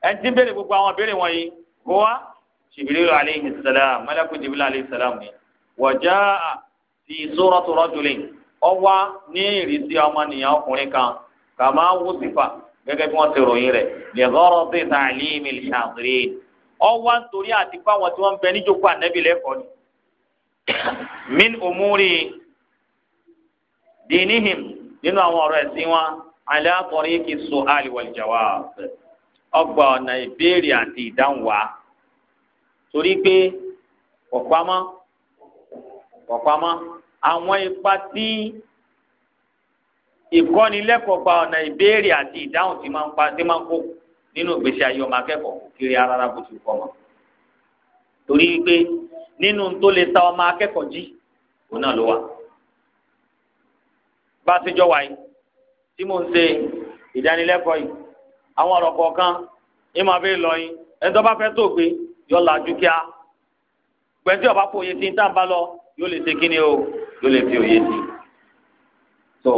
ẹni tí ń béèrè gbogbo àwọn béèrè wọ̀nyí huwa jibril alayhi salam malaku jibril alayhi salam ni wàjáà. fi suratu rajulin ọwá ní ìrísí ọmọnìyàn ọkùnrin kan kàmá wúsífà gẹ́gẹ́ bí wọ́n ti ròyìn rẹ lè lọ́rọ̀ sí tàlímì ṣàkiri ọwá nítorí àti fáwọn tí wọ́n bẹ níjókòó ni. min umuri dị nínú àwọn ọ̀rọ̀ wọn kì í so ọgbà ọ̀nà ìbéèrè àti torí pé àwọn ipa tí ìkọ́nilẹ́kọ̀ọ́ gba ọ̀nà ìbéèrè àti ìdáhùn tí máa ń pa tí máa ń kó nínú ìgbésí ayé ọmọ akẹ́kọ̀ọ́ kò kiri rárá bó ti kọ́ ọmọ. torí pé nínú tó lè ta ọmọ akẹ́kọ̀ọ́ jí òun náà ló wà. bá a ti jọ wáyé tí mò ń ṣe ìdánilẹ́kọ̀ọ́ yìí àwọn ọ̀rọ̀ kọ̀ọ̀kan ní màá bẹ́ẹ̀ lọ yín ẹni bá fẹ́ tó gbé yọ làjú kíá gbẹ̀ntì ọ̀bá kò yẹ ń tàn bá lọ yóò lè ṣe kíni o yóò lè fi òye sí i so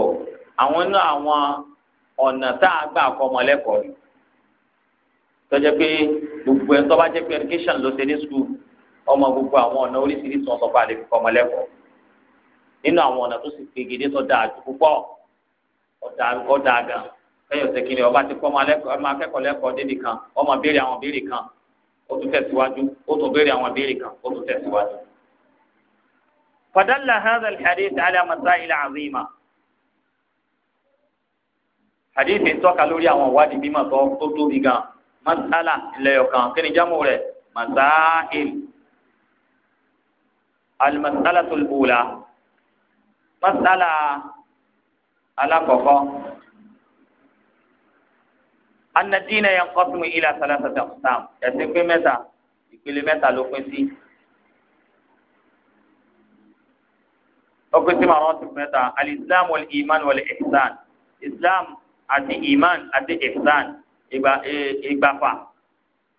àwọn inú àwọn ọ̀nà tá a gbà kọ́ ọmọ lẹ́kọ̀ọ́ yìí tọ́jẹ́ pé gbogbo ẹ̀ tó bá jẹ́ pé education ló ṣe ní school ọmọ gbogbo àwọn ọ̀nà oríṣiríṣi wọn sọ pé a lè fi kọ́ ọmọ lẹ́kọ̀ọ́ nínú àwọn ọ̀nà tó sì pegedé tó dáa jù púpọ̀ ọ̀dà ọ̀dà gan kẹyọ̀ sẹ́kìnì ọba ti kọ́ ọmọ akẹ́kọ̀ọ́ lẹ́kọ̀ọ́ débi kan ọmọ béèrè àwọn béèrè kan ó tún tẹ̀síwájú ó tún béèrè àwọn béèrè kan ó tún tẹ̀síwájú فدل هذا الحديث على مسائل عظيمة حديث انتو كالوريا ووادي بما تو بيقا مسألة لا يقام كني جمعه مسائل المسألة الأولى مسألة على كفا أن الدين ينقسم إلى ثلاثة أقسام يتم في متى يقول متى لو فنسي ọgbẹ́ tí màá wọ́n ti mẹ́ta alislam wal iman wal ihsan islam àti e, iman àti ihsan ìgbà ìgbàfà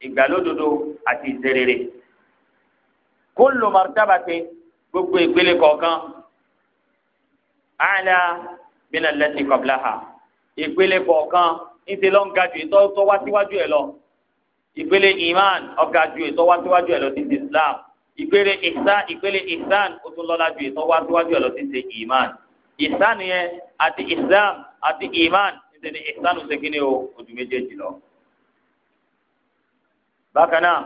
ìgbàlódodo àti ìṣerere kullu martabati gbogbo ìpele kọ̀ọ̀kan àlà min allati qablaha ìpele kọ̀ọ̀kan níṣẹ ló ń ga ju ìtọ́ wá síwájú ẹ lọ ìpele iman ó ju ìtọ́ wá síwájú ẹ lọ ti ti islam ìpele ihsan ìpele ihsan ó tún lọ́lá ju ìtọ́ wá síwájú ẹ̀ lọ sí ṣe iman ihsan yẹn àti islam àti iman ṣe ni ihsan ṣe kí ni o ojú méjèèjì lọ. bákan náà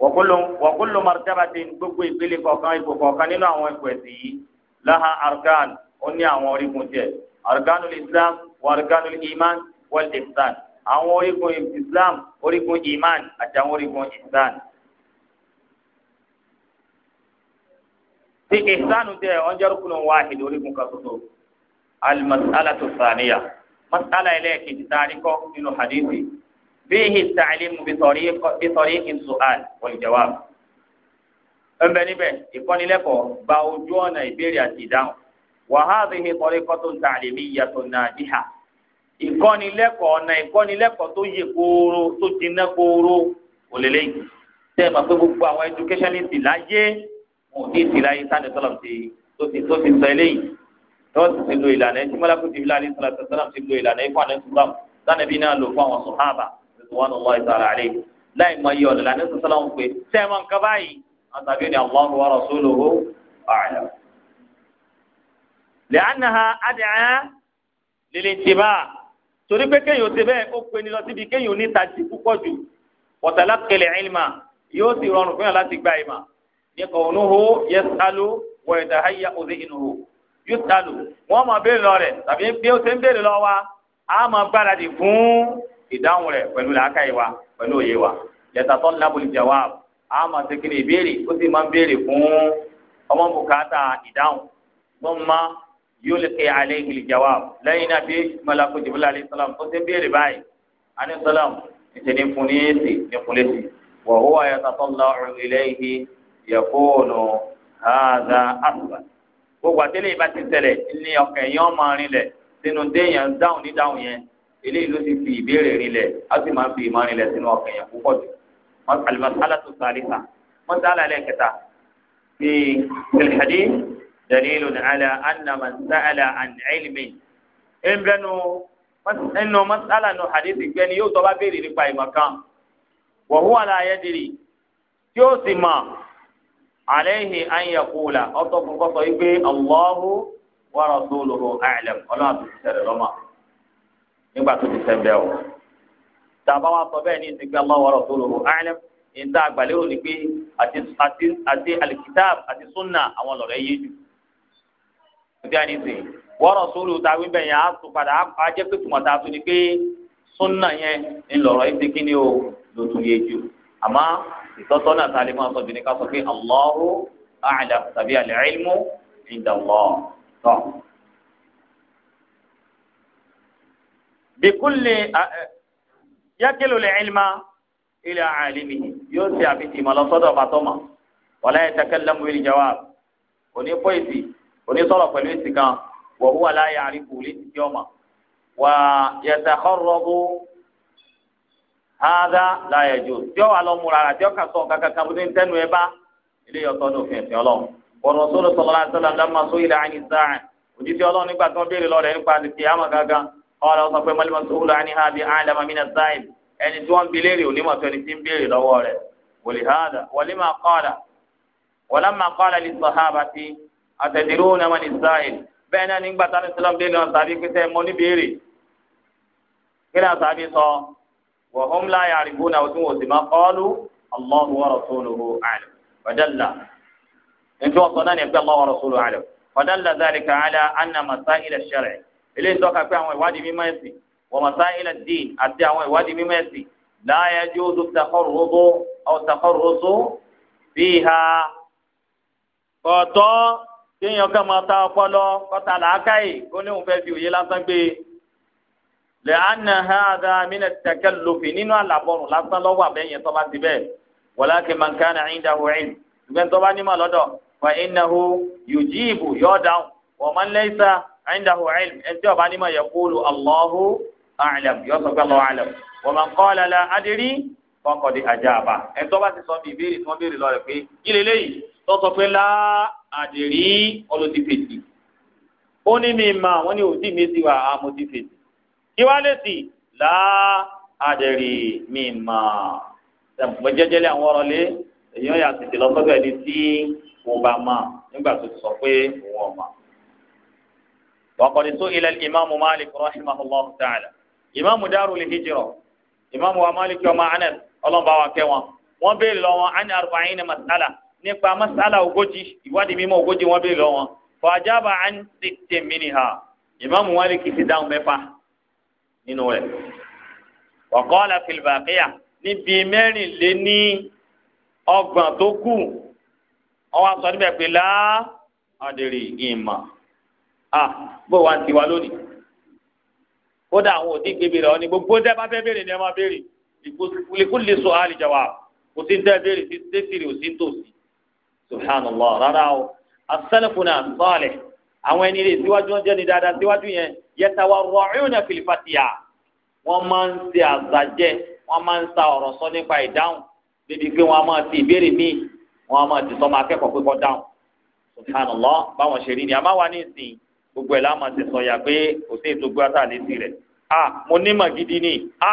wọ́kúlù wọ́kúlù martabati gbogbo ìpele kọ̀ọ̀kan ipò kọ̀ọ̀kan nínú àwọn ipò ẹ̀sìn yìí láha arkan ó ní àwọn orígun tiẹ̀ arkanul islam wa arkanul iman wal Islam. àwọn orígun islam orígun iman àti àwọn orígun Islam. ti ihsanu tẹ ọjọrú kunu wahid orígun kan ṣoṣo almasalatu saniya masala ẹlẹ́ẹ̀kejì taari kọ́ nínú hadithi Bihi ta'limu bitariqi su'al wal jawab ẹnbẹ níbẹ̀ ìkọ́nilẹ́kọ̀ọ́ gba ojú ọ̀nà ìbéèrè àti ìdáhùn wa hadhihi tariqatun ta'limiyyatun najiha ìkọ́nilẹ́kọ̀ọ́ ọ̀nà ìkọ́nilẹ́kọ̀ọ́ tó yẹ kóró tó jiná kóró òlélẹ́yìn tẹ́ ẹ ma gbogbo wọn ò ní ìsìlá yìí sáni sọlọ ti tó ti tó ti sọ eléyìí tó ti ti lo ìlànà yìí tímọ́lá kò ti fi láàrin sọlọ sọlọ ti lo ìlànà yìí fún àná ìsúlá sáni bí náà lò fún àwọn sọ̀hábà wọn lọ ìta ara rẹ láì mọ iye ọ̀nà ìlànà sọlọ ń sẹ́wọ̀n kaba yìí àtàbí ni àwọn wa rasuluhu a'lam. lẹ́hánnáha adìyẹ lílẹ̀ tìbá torí pé kéèyàn ti bẹ́ẹ̀ ó pe ni lọ síbi kéèyàn ní tají púpọ̀ jù wọ̀tàlá kẹlẹ̀ ẹ̀ẹ́lì ní kọ̀ọ̀nùhó yẹsàlù wọ̀ẹ̀dà hayà òde ìnùhó yúsàlù wọ́n máa béèrè lọ rẹ̀ tàbí bí ó ṣe ń béèrè lọ wa á máa gbáradì fún ìdáhùn rẹ̀ pẹ̀lú làákàyè wa pẹ̀lú òye wa yẹtàtọ́ lábòlì jawab á máa ṣe kiri ìbéèrè ó sì máa ń béèrè fún ọmọ bùkátà ìdáhùn tó ń má yóò lè kéè alẹ́ ìkìlì jawab lẹ́yìn náà bí malakú jibril alayhi salam ó ṣe ń béèrè báyìí alayhi salam yẹ̀kóònù hàdà àtùbà gbogbo àtẹlẹ yìí bá ti tẹlẹ ní ọkàn yẹn ọmọ rin lẹ sínú déèyàn dáhùn ní dáhùn yẹn eléyìí ló ti fi ìbéèrè rin lẹ á sì máa ń fi ìmọ̀ rin lẹ sínú ọkàn yẹn púpọ̀ jù alimọ̀sálà tó sáré sá mọ̀sálà lẹ́kẹta fi kẹlẹ́hàdí dalilu ala anna man sa'ala an ẹnu mọ̀sálà nù hadithi gbẹ́ni yóò tọ́ bá béèrè nípa ìmọ̀ kan wọ̀húwàlà ayẹ́dìrì tí sì mọ̀ alayhi an yaqula ọ̀tọ̀ fún kọ́sọ̀ yìí pé Allahu wa rasuluhu a'lam ọlọ́run àti ìṣẹ̀lẹ̀ lọ́mọ nígbà tó ti sẹ́ńbẹ́ o tàbá wa sọ bẹ́ẹ̀ àgbàlérò alikitab àti sunna àwọn yé jù ìdí wí bẹ́ẹ̀ yẹn tún padà jẹ́ pé tùmọ̀ sunna yẹn ńlọrọ̀ ìtọ́sọ́nà àtàlẹ́ máa sọ jùlọ ká sọ pé Allahu a'lam tàbí al-ilmu inda Allah tọ́. bikulli yakilu al-ilma ila alimihi yóò ṣe àfihàn ìmọ̀lọ́sọ́dọ̀ bàtọ́mà wala yatakallamu bil jawab òní pọ́ìsì òní sọ̀rọ̀ pẹ̀lú èsì kan wa huwa la ya'rifu lẹ́sìn yọ̀ọ̀mà wà hada láyé jù tí ó wà lọ múra rà tí ó kà sọ kankan kan bóde tẹnu ẹ bá ilé yọtọ ní òfin ẹsìn Ọlọ́run ọ̀rọ̀ sọlọ sọlọ láti sọlọ lamma sọ ilẹ àyìn sáà òjijì Ọlọ́run nígbà tó ń béèrè lọrẹ nípa àti àmà gangan ọ̀rọ̀ ọsàn pé mọlẹmọ sọlọ àní ha bí àlàmà mí náà sáà ẹni tí wọn bilérì onímọ̀ tó ẹni tí ń béèrè lọ́wọ́ rẹ̀ wòlí hada wòlí máa kọ́ọ̀dà wòlá máa kọ́ọ̀dà lè sọ tí àtẹ̀dẹ̀rú وهم لا يعرفون وسوء ما قالوا الله ورسوله أعلم فدل انتوا وصلنا يبقى الله ورسوله أعلم فدل ذلك على أن مسائل الشرع إليه توقع فيها وادي مما يسي ومسائل الدين أتي وادي مما يسي لا يجوز التخرج أو التخرص فيها kọtọ kéèyàn kàn máa ta ọpọlọ kọta làákàyè kó ní òun lẹ́hánà hàdà mínà tẹkẹlófin nínú àlàbọ̀rùn lásán lọ́wọ́ àbẹ́yẹn tó bá ti bẹ́ẹ̀ wọláàkì mankana ẹ̀yìndà wẹ̀ẹ́n ṣùgbọ́n tó bá ní màá lọ́dọ̀ fa ináhu yujibu yóò dáhùn wọ́n máa ń lẹ́sà ẹ̀yìndà wẹ̀ẹ́n ẹ̀ńtí ọba ní màá yẹ kúlù allahu alam yóò sọ pé allahu alam wọ́n máa ń kọ́ lala adiri fọkọ̀dé àjàbá ẹ̀ńtọ́ bá ti sọ ti ìwálẹ̀sì là àdẹ̀rì mi mà ẹ̀fọ́ jẹ́jẹ́lẹ̀ àwọn ọ̀rọ̀ lé èyí ó yà tètè lọ sọ́dọ̀ ẹni tí kò bá mà nígbà tó sọ pé òun ọ̀mà. wàkọ̀dé tó ilẹ̀ ìmáàmù Malik rahimahullah ta'ala ìmáàmù darul hijra ìmáàmù wa Malik ọmọ Anas ọlọ́mọba wa kẹ́ wọn wọ́n béèrè lọ wọn ani arba'in masala nípa masala ogójì ìwádìí mímọ́ ogójì wọ́n béèrè lọ wọn fọ ajábà an sittin minha ìmáàmù Malik ti dáhùn mẹ́fà nínú rẹ̀ wàkọ́lá fìlìbàkìyà níbi mẹ́rìnléní ọgbọ̀n tó kù ọwọ́ sọ níbẹ̀ pé lá ọ̀dẹ̀rẹ̀ ìmọ̀ à bó wa ti wá lónìí kódà àwọn òdì gbèbè rẹ̀ ọ ní gbogbo dẹ́ bá fẹ́ béèrè ni ẹ máa béèrè ìkúlẹ̀kú lè sọ àlìjàwà kò sí dẹ́ béèrè sí tẹ́sírì ò tòsí subhanallah rárá o asálẹ̀fù náà sọ́ọ̀lẹ̀ àwọn ẹni rẹ̀ síwájú wọn jẹ́ ni dáadáa síwájú yẹn yẹtawa rọ̀ọ́yún náà filifatiya wọ́n máa ń ṣe àzàjẹ́ wọ́n máa ń sa ọ̀rọ̀ sọ nípa ìdáhùn débi pé wọ́n á máa ti ìbéèrè míì wọ́n á máa ti sọ́mọ akẹ́kọ̀ọ́ pé kó dáhùn subhanallah báwọn ṣe rí ni àmọ́ ní ìsìn gbogbo ẹ̀ láwọn ti sọ ya pé kò sí ètò gbé ata létí rẹ̀ a mo ní mọ̀ gidi ni a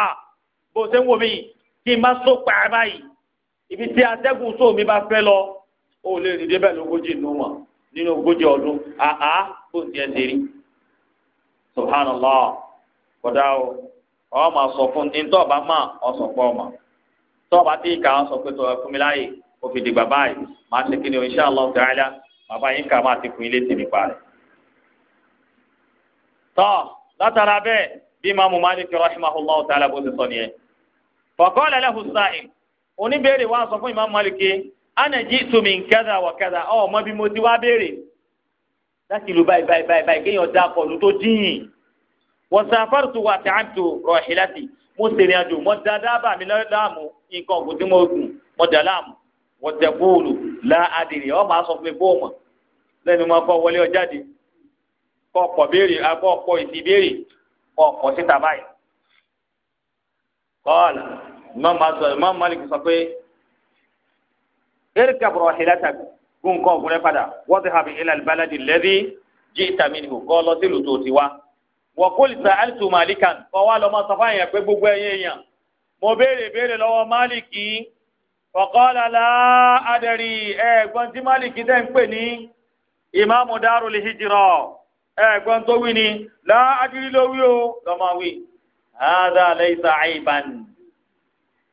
bó ṣe ń wò mí kí n má so pa ẹ báyìí ibi tí atẹ́gùn sóò mi bá fẹ́ lọ ó lè rìn débẹ̀ lógójì nù wọn nínú ogójì ọdún àá kò sí ẹ ṣe rí subhanallah kódà o ọmọ sọ fún ní tọ́ọ̀bá mà ọ sọ fún ọmọ tọ́ọ̀bá tí ìka ọ ma pé tọ́ọ̀ fún mi láàyè ó fi dìgbà báyìí màá ṣe kí ni insha Allah ta'ala bàbá yín kà máa ti fún ilé tì nípa rẹ̀. tọ́ látara bẹ́ẹ̀ bí ta'ala bó ti sọ nìyẹn. faqala lahu sa'il oníbèrè wa sọ fún ana láti ìlú báyìí báyìí báyìí báyìí kéèyàn dá akọlù tó dín wọn san afárùtù wa ti àtò rọ̀ọ̀hì láti mo sèrìn àjò mo da dábàá mi láàmú nǹkan ọ̀gùn tí mo gùn mo dà láàmú wọ́n tẹ bóòlù la adìrì ọ́ máa sọ fún mi bóòmọ̀ lẹ́nu máa kọ́ wọlé ọjáde kọ́ ọ̀pọ̀ béèrè abọ́ ọ̀pọ̀ ìsì béèrè kọ́ ọ̀pọ̀ síta báyìí. kọ́ọ̀lù Imam Malik sọ pé erika bọ̀rọ̀ ọ̀hìn látàgbẹ́ kó nǹkan ọ̀gùn rẹ padà wọ́n ti hàbí ilà baladi lẹ́dí jí ìtàmínú kọ́ lọ sílùú tó ti wá. wọ́n kó lè sa alitu malikan kọ́ wa lọ́mọ sọ́fà yẹn pé gbogbo ẹ̀yẹ yẹn mo béèrè béèrè lọ́wọ́ máàlìkì ọ̀kọ́lálá adẹ̀rì ẹ̀gbọ́n tí máàlìkì tẹ̀ ń pè ní ìmáàmù dárul hijra ẹ̀gbọ́n tó wí ni lá adìrí ló wí o lọ́mọ wí. hādhā laysa 'ayban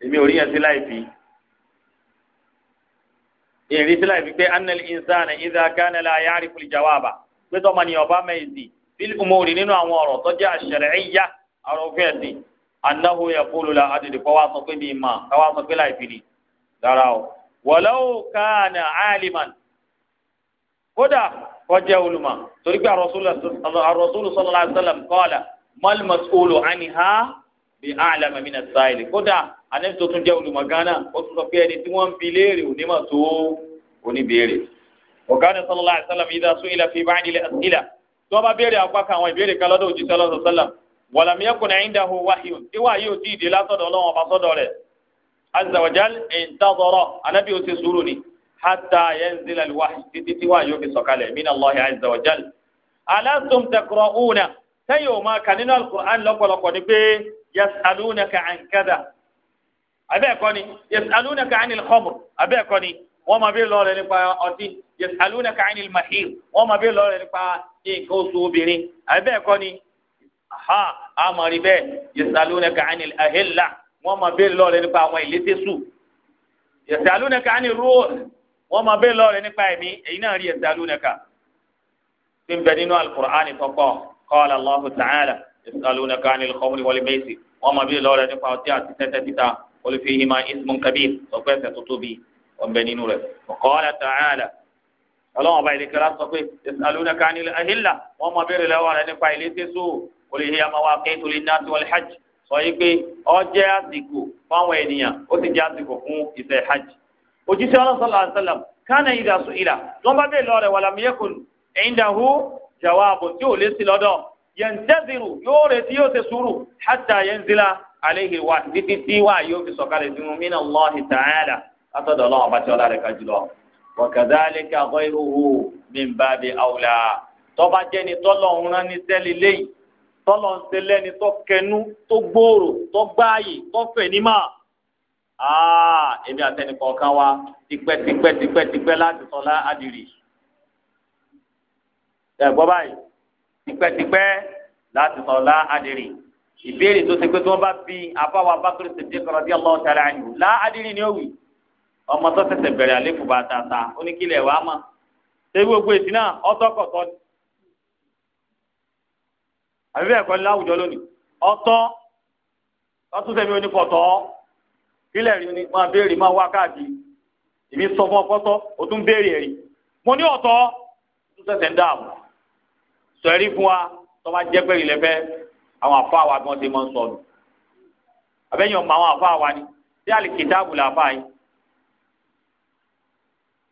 èmi ò rí yẹn sí láì fi ìrìn sílẹ̀ wípé anil insana idha kana la ya'rifu al-jawaba pé tọ́mọ ni ọba mẹ́yìí fílì umori nínú àwọn ọ̀rọ̀ tó jẹ́ ash-shar'iyya ọ̀rọ̀ òfin ẹ̀sìn annahu yaqulu la adri kọ́ wa sọ pé mi mà kọ́ wa sọ pé láì fi ni dára o walau kana aliman kódà kọjá olùmọ̀ torí pé ar-rasulu sallallahu alaihi wasallam qala mal mas'ulu anha bi kódà anabi tó tún jẹ́ olùmọ̀ gánà ó tún sọ pé ẹni tí wọ́n ń bi léèrè òní mà tó oníbèèrè ọ̀gánà sallallahu alaihi wasallam idha su'ila fi ba'di al-as'ila tí wọ́n bá béèrè apá kan àwọn ìbéèrè kan lọ́dọ̀ òjì sallallahu alaihi wasallam walam yakun 'indahu wahyun tí wàá yóò tíì dé látọ̀dọ̀ Ọlọ́run ọba sọ́dọ̀ rẹ̀ azza wa jal intadara anabi ó ti sùúrù ni hatta yanzila al títí tí wàá yóò fi sọ̀kalẹ̀ min Allahi azza wa jal alastum taqra'una tẹ́yọ̀ máa kà nínú ni pé yasalunaka 'an kadha abẹ́ẹ̀kọ́ ni yasalunaka anil khamr abẹ́ẹ̀kọ́ ni wọ́n máa bí lọ́ọ̀rẹ́ nípa ọtí yasalunaka anil mahir wọ́n máa bí lọ́ọ̀rẹ́ nípa nǹkan oṣù obìnrin abẹ́ẹ̀kọ́ ni ha amari bẹ́ẹ̀ yasalunaka anil ahilla wọ́n máa bí lọ́ọ̀rẹ́ nípa àwọn ìlétésù yasalunaka anil ruh wọ́n máa bí lọ́ọ̀rẹ́ nípa ẹ̀mí èyí náà rí yasalunaka tí ń bẹ nínú alukur'an tọ́pọ̀ qala Allahu ta'ala yasalunaka anil khamr قل فيهما إثم كبير وقفة تطوبي ومبنين له وقال تعالى اللهم بارك لك صفي يسألونك عن الأهلة وما بير له على نفع لتسو قل هي مواقيت للناس والحج صحيح أجي أسيكو فانوا ينيا أسيجي أسيكو فان إسي حج وجيسي الله صلى الله عليه وسلم كان إذا سئل ثم بير له ولم يكن عنده جواب يولي سلودا ينتظر يوري تيوتي سورو حتى ينزل aléhi wa títí tí wà yóò fi sọ̀kalẹ̀ sínú mí náà lọ́ọ́ hìtà áyàdà látọ̀dọ̀ ọlọ́run ọba tí ọlá rẹ̀ ká jùlọ. wọ̀kàdá aléka ọ̀gọ́ ìhòhò mi ń bá bi àwùlà tọ́ba jẹ́ni tọ́lọ̀ ń rán ní sẹ́lẹ̀ lẹ́yìn tọ́lọ̀ ń sẹlẹ̀ ni tọ́ kẹnu tó gbòòrò tó gbáàyè tó fẹ̀ nímà. èmi àtẹnìkọ̀ kan wa tipẹ́ tipẹ́ tipẹ́ tipẹ́ láti sọlá adìrì. ẹ̀ gbọ́ báyìí tipẹ́ tipẹ́ láti sọlá adìrì ìbéèrè tó ṣe pé tí wọ́n bá bí abáwa bákúrò ṣèjì kọ́ra bí ọlọ́wọ́ tẹ̀lé àyìn wò láàdínrín ni ó wì ọmọ tó ṣẹ̀ṣẹ̀ bẹ̀rẹ̀ àléfù bá tata oníkílẹ̀ wàá mọ̀ ṣé gbogbo èsì náà ọtọ́kọ̀tọ́ ni àbí bẹ́ẹ̀ kọ́ ni láwùjọ lónìí ọtọ́ ọtúnṣẹ́mi onífọ̀tọ́ kílẹ̀ rí ni máa béèrè máa wá káàkiri èmi sọ fún ọkọ́tọ́ o tún béèrè ẹ̀rí mo ní ọ̀tọ́ ọtúnṣẹ́ṣẹ́ ń dáàbò sọ ẹ̀rí fún wa tọ́ bá jẹ́ pé àwọn afọ àwa gan ti máa ń sọnù ọmọ àwọn afọ àwa ni sí àlìkìtáàbù làáfà yìí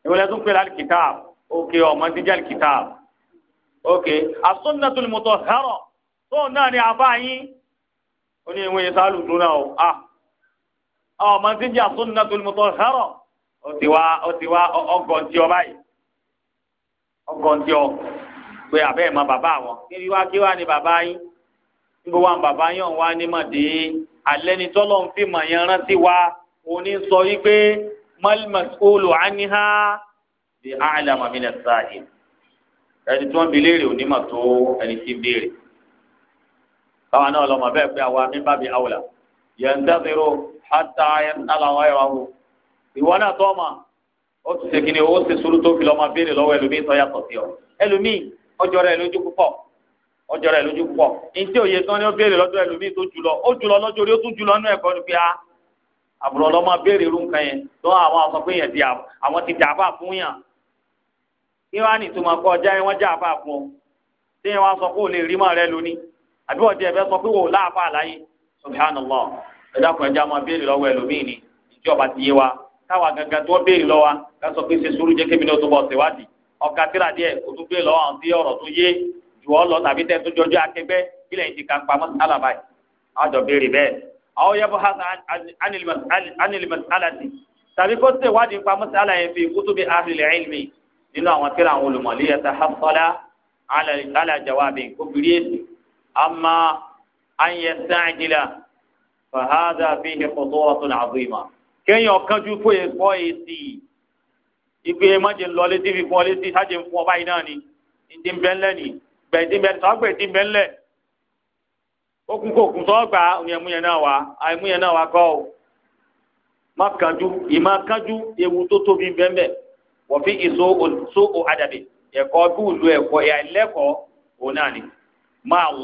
ìwọlẹ́ tún pè lálìkìtáàbù òkè ọmọ ti jẹ́ àlìkìtáàbù òkè as-sunnatul mutahhara tóun náà ni àbá yín ó ní ìwé ìsàlù dúró náà ó a ah. ọmọ ti jẹ́ as-sunnatul mutahhara ó ti wá ó ti wá ọgọ́ntì ọ báyìí ọgọ́ntì ọ pé àbẹ́ẹ̀ mọ bàbá wọn kí wá kí wá ni bàbá yín níbo wa bàbá yàn wá ní màdé alẹ́ ni tọ́lọ̀ ń fi mọ̀ yẹn rántí wa òní sọ yí pé mọ́lìmọ́sọ́lù àníhá di àlàmà mi nà sáàyè ẹni tí wọ́n bi léèrè òní mà tó ẹni tí ń béèrè káwa náà lọ́mọ bẹ́ẹ̀ pé àwa mi bá bi àwòlà yẹn ń dẹ́sẹ̀rọ hàtà yẹn ń tàlà wáyé ìwọ náà tọ́ ma ó ti ṣe kí ni ó ti sùúrù tó fi lọ́mọ béèrè lọ́wọ́ ẹlòmíì tó yàtọ̀ sí ọ ẹlòmíì ọjọ́ rẹ̀ lójú púpọ̀ ọjọ́ rẹ̀ lójú pọ̀ ntí òye tán ni ó béèrè lọ́dọ̀ ẹlòmíì tó jùlọ ó jùlọ lọ́jọ́ orí ó tún jùlọ nú ẹ̀kọ́ ni pé a ah, àbúrò ọlọ́mọ béèrè irú nǹkan yẹn tó àwọn àwọn pé yẹn di àwọn ti dàbà fún yàn kí wọ́n á ní ìtumọ̀ kọ ọjà yẹn wọ́n já àbá fún ọ tí yẹn wọ́n sọ pé ò lè rí mọ́ rẹ lóní àbí wọ́n ti ẹ̀fẹ́ sọ pé wò láàfà láyé subhanallah ẹ̀dá kan ẹja máa béèrè ni ìjọba ti yé wa káwa gangan tó béèrè lọ jù ọ lọ tàbí tẹ́ tó jọjú akẹgbẹ́ kílẹ̀ yìí ti ka pamọ́ sálábà yìí àjọ béèrè bẹ́ẹ̀. àwọn yẹ bó ha sa anilimus alati tàbí kó tẹ wádìí pamọ́ sálà yẹn fi kútu bí ahìlẹ̀ ẹ̀lmi nínú àwọn tíra àwọn olùmọ̀lẹ́ yẹn ta hafsọ́lá alajawabi kó bìrì èsì àmà ayẹ sáàjìlá fàhádà fi hẹ kòtòrọ̀tún àbúyìmá kéèyàn kánjú fóye fọ́ èsì ìgbé lọ létí fífún ọ létí sájè fún ọ gbẹ̀dínbẹ̀ tọ́ gbẹ̀dínbẹ̀ ńlẹ̀ okun tọ́ gba ìmúyẹn náà wá àìmúyẹn náà wá kọ́ o má ìmá ewu tó tóbi bẹ́ẹ̀ wọ́n fi èso so ẹ̀kọ́ bí wùlú ẹ̀kọ́ ẹ̀ àìlẹ́kọ̀ọ́ òun náà ni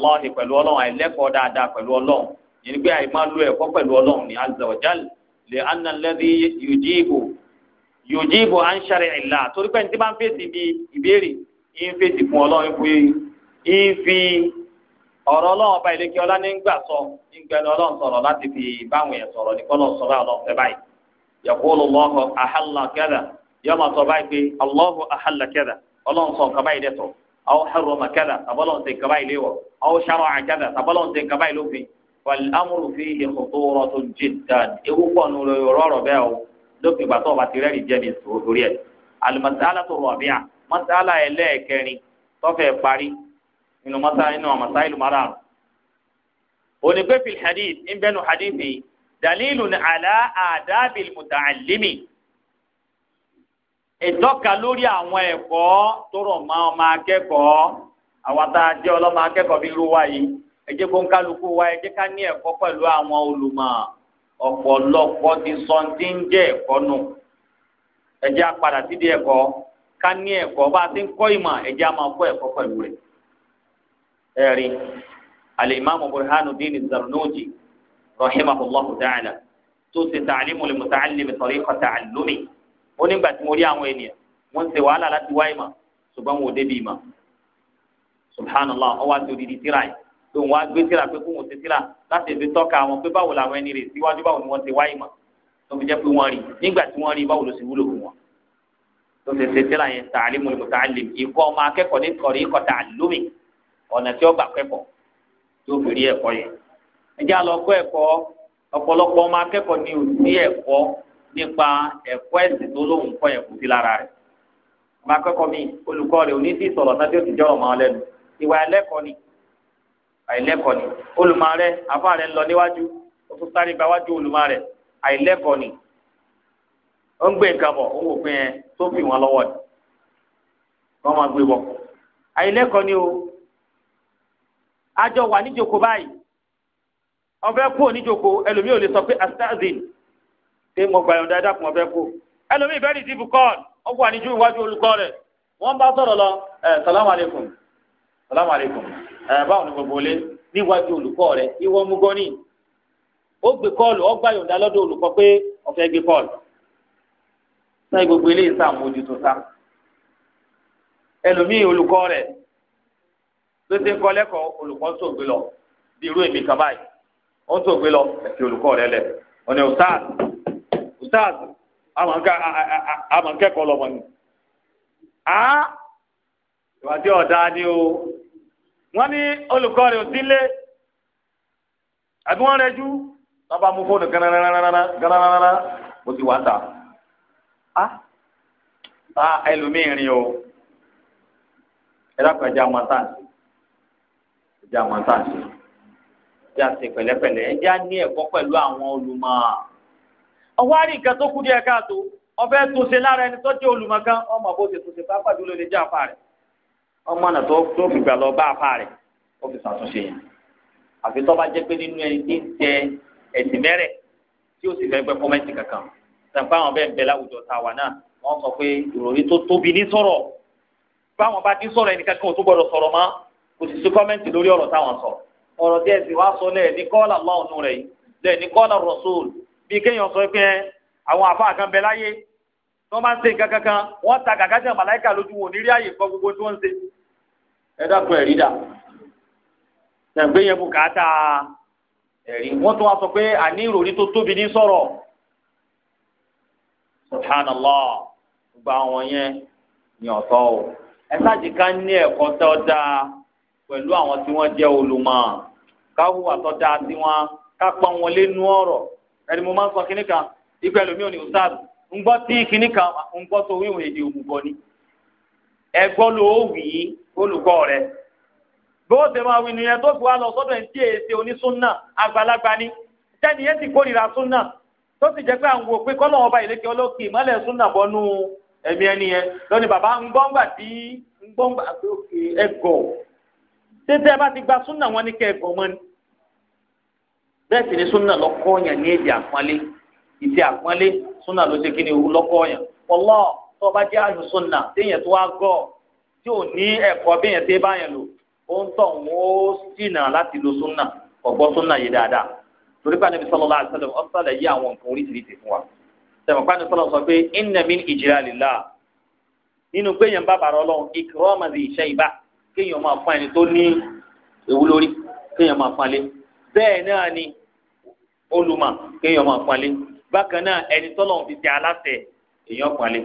lọ ní pẹ̀lú ọlọ́run àìlẹ́kọ̀ọ́ dáadáa pẹ̀lú ọlọ́run yìí pé àìmá ẹ̀kọ́ pẹ̀lú ọlọ́run lè ìfi ọ̀rọ̀ ọlọ́run ọba ìlẹ́kẹ́ ọlá ní gbà sọ ìgbẹ́ni ọlọ́run sọ̀rọ̀ láti fi báwọn yẹn sọ̀rọ̀ ní kọ́lọ́ sọ báyìí ọlọ́run fẹ́ báyìí yaqulu Allahu ahalla kadha yọọ ma sọ báyìí pé Allahu ahalla kadha ọlọ́run sọ nǹkan báyìí dẹ́tọ̀ aw harrama kadha tàbọ́lọ́run ṣe nǹkan báyìí léwọ̀ aw shara'a kadha tàbọ́lọ́run ti inu masa inu àmàsá ilu mara àrùn. pe fil hadith ń hadithi dalilu ni ala adabil muta'allimi ìtọ́ka lórí àwọn ẹ̀kọ́ tó rọ̀ mọ́ ọmọ akẹ́kọ̀ọ́ àwọn tá ọlọ́mọ akẹ́kọ̀ọ́ bí irú wa yìí kó ń kálukú wa ẹ ká ní ẹ̀kọ́ pẹ̀lú àwọn olùmọ̀ ọ̀pọ̀lọpọ̀ ti sọ ti ń jẹ́ ẹ̀kọ́ nù ẹ eji apàdà sídìí ẹ̀kọ́ ká ní ti ń kọ́ ìmọ̀ a máa kọ́ ẹ̀kọ́ ẹ̀rí alimami burhanuddin zarnuji rahimahullahu ta'ala tó ṣe tàlímù lè mùtàlímù tariqa ta'allumi ó nígbà tí mo rí àwọn ènìyàn wọ́n ń ṣe wàhálà láti wá ìmọ̀ ṣùgbọ́n wọn ò débi ìmọ̀ subhanallah ọwọ́ àti odidi tíra yìí tó wọn á gbé tíra pé kó wọn ṣe tíra láti fi tọ́ka wọn pé báwo làwọn ẹni rè síwájú báwo ni wọ́n ti wá ìmọ̀ tó fi jẹ́ pé wọ́n rí nígbà tí wọ́n rí báwo ló sì wúlò fún wọn tó ṣe ṣe tíra yẹn ta'limul muta'allim ìkọ́ ọmọ akẹ́kọ̀ọ́ ọ̀nà tí ó gbà kẹ́kọ̀ọ́ tí ó fi rí ẹ̀kọ́ yẹn ẹjẹ́ àlọ́ ẹ̀kọ́ ọ̀pọ̀lọpọ̀ ọmọ akẹ́kọ̀ọ́ ni ò ẹ̀kọ́ nípa ẹ̀kọ́ ẹ̀sìn tó lóun kọ́ yẹn kù sí lára rẹ̀ ọmọ akẹ́kọ̀ọ́ mi olùkọ́ rẹ̀ òní sọ̀rọ̀ lẹ́nu ìwà ẹlẹ́kọ̀ọ́ ni rẹ̀ ń lọ níwájú ó tún sáré gba wájú àìlẹ́kọ̀ọ́ ni ó ń gbé nǹkan bọ̀ ó ajọ wà níjòkó báyìí ọ̀fẹ́ kú níjòkó ẹlòmíì ò lè sọ pé astazin pé mo gbà yọ̀ǹda ẹ̀dá fún kú kọ́ọ̀n ó wà iwájú olùkọ́ rẹ̀ wọ́n bá sọ̀rọ̀ lọ salamu aleykum salamu aleykum báwo olùkọ́ rẹ̀ ìwọ mú ló ti ń kọ́ lẹ́kọ̀ọ́ lọ bí irú èmi kan báyìí ó ń sògbé lọ ẹ̀sìn olùkọ́ rẹ lẹ̀ ọ̀nà ustaz ustaz amọ̀nkẹ́kọ̀ọ́ ni. a ìwádìí ni o ní ò sí lé àbí jú mú fóònù ẹjẹ àwọn tá à ń ṣe ẹjẹ à ń ṣe pẹ̀lẹ́pẹ̀lẹ́ ẹjẹ à ní ẹ̀kọ́ pẹ̀lú àwọn olùmọ̀ ọwọ́ àrí nǹkan tó kú díẹ̀ káàtó ọbẹ̀ tó ṣe lára ẹni tó jẹ́ olùmọ̀ kan ọmọ bó ṣe tó ṣe pápá jùlọ lè jẹ́ àfa rẹ̀ ọmọ ọ̀nà tó fi gbà lọ bá àfa rẹ̀ ó fi ṣàtúnṣe yẹn àfi tó bá jẹ́ pé nínú ẹni tí ń tẹ ẹ̀sìn mẹ́rẹ̀ tí ó sì fẹ́ gbẹ́ kọ́mẹ́ntì kankan tàbí àwọn bẹ́ẹ̀ osisi sì sí kọ́mẹ́ǹtì lórí ọ̀rọ̀ táwọn sọ ọ̀rọ̀ wa sì wá sọ lẹ́ẹ̀ ní kọ́ọ̀là lọ́ọ̀nù rẹ̀ yìí lẹ́ẹ̀ ní kọ́ọ̀là rọ̀sùl bí kéèyàn sọ pé àwọn àfa kan bẹ láyé tó máa ń nǹkan kankan wọ́n ta gàgájà màláìka lójú wọn ní rí àyè gbogbo tí wọ́n ń ṣe ẹ dákun ẹ̀rí dà tẹ̀gbẹ́ yẹn bù káàtà ẹ̀rí wọ́n sọ pé àní tó tóbi ní sọ̀rọ̀ subhanallah gbogbo àwọn yẹn ni ọ̀tọ̀ o ẹ sáàjì ká ní pẹ̀lú àwọn tí wọ́n jẹ́ olùmọ̀ káwù tó sí wọn ká pọ́n wọn ẹni mo máa ń sọ kinní kan ìpẹ́ lómi ò ní ustaz ń gbọ́ tí kinní kan ń gbọ́ tó wíwọ̀n èdè òmùgọ̀ ni ló wì í olùkọ́ bó ṣe máa wí ni tẹ́ni yẹn ti kórìíra súnà tó sì jẹ́ pé wò pé kọ́lọ́ ọba ọlọ́kì ìmọ̀lẹ̀ súnà bọ́nú ẹ̀mí ẹni yẹn lọ́ni bàbá ń gbọ́ngbà tí tẹ́tẹ́ ẹ bá ti gba súnà wọn ní kẹ́ẹ̀kọ́ mọ́ ni bẹ́ẹ̀ sì ni súnà lọ́kọ́ yẹn ní èdè àpọ́nlé súnà ló ṣe kí ni tó o bá jẹ́ àlù súnà téèyàn tó wá tí ò ní béèyàn bá yẹn lò ó ń ó láti lo súnà ọgbọ súnà yìí dáadáa torí pé Ànábì sallallahu alaihi wasallam yí àwọn nǹkan oríṣiríṣi fún wa kéèyàn máa fún ẹni tó ní ewu lórí kéèyàn máa fún alé bẹ́ẹ̀ náà ni olùmọ̀ kéèyàn máa fún alé bákan náà ẹni tọ́lọ́run fi ti aláṣẹ èèyàn fún alé.